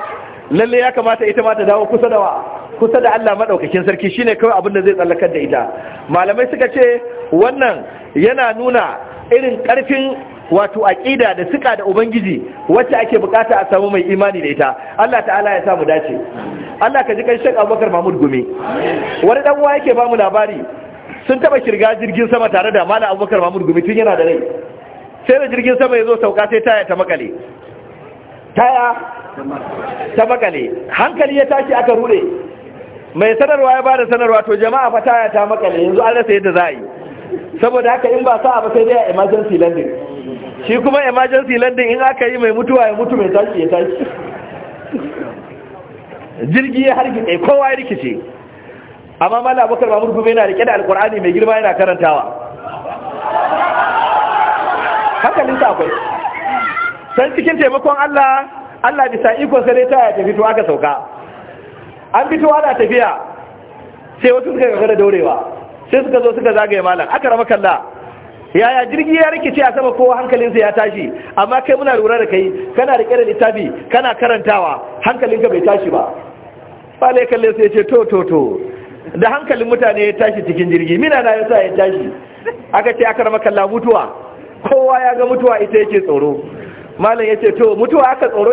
lalle ya kamata ita ma ta dawo kusa da wa kusa da Allah madaukakin sarki shine kawai abin da zai tsallakar da ita malamai suka ce wannan yana nuna irin karfin wato aqida da suka da ubangiji wacce ake bukata a samu mai imani da ita Allah ta'ala ya samu dace Allah ka ji kan Abubakar Mahmud Gumi wani dan uwa yake ba mu labari sun taba shirga jirgin sama tare da Malam Abubakar Mahmud Gumi tun yana da rai sai da jirgin sama ya zo sauka sai taya ta makale taya ta makale hankali ya tashi aka rure mai sanarwa ya ba da sanarwa to jama'a fa taya ta makale yanzu an rasa yadda za a yi saboda haka in ba sa ba sai dai a emergency landing shi kuma emergency landing in aka yi mai mutuwa ya mutu mai tashi ya tashi jirgi ya ɗai kowa ya rikice amma mala abokar mamur kuma yana rike da alkur'ani mai girma yana karantawa hankalinsa akwai san cikin taimakon allah allah bisa ikon sai dai ta ya tafi to aka sauka an fito ana tafiya sai wasu suka gagara daurewa sai suka zo suka zagaye malam aka rama kalla yaya jirgi ya rikice a sama kowa hankalinsa ya tashi amma kai muna lura da kai kana riƙe da littafi kana karantawa hankalinka bai tashi ba bala ya kalle sai ya ce to to to da hankalin mutane ya tashi cikin jirgi mina na yasa ya tashi aka ce aka rama kalla mutuwa kowa ya ga mutuwa ita yake tsoro malam ya ce to mutuwa aka tsoro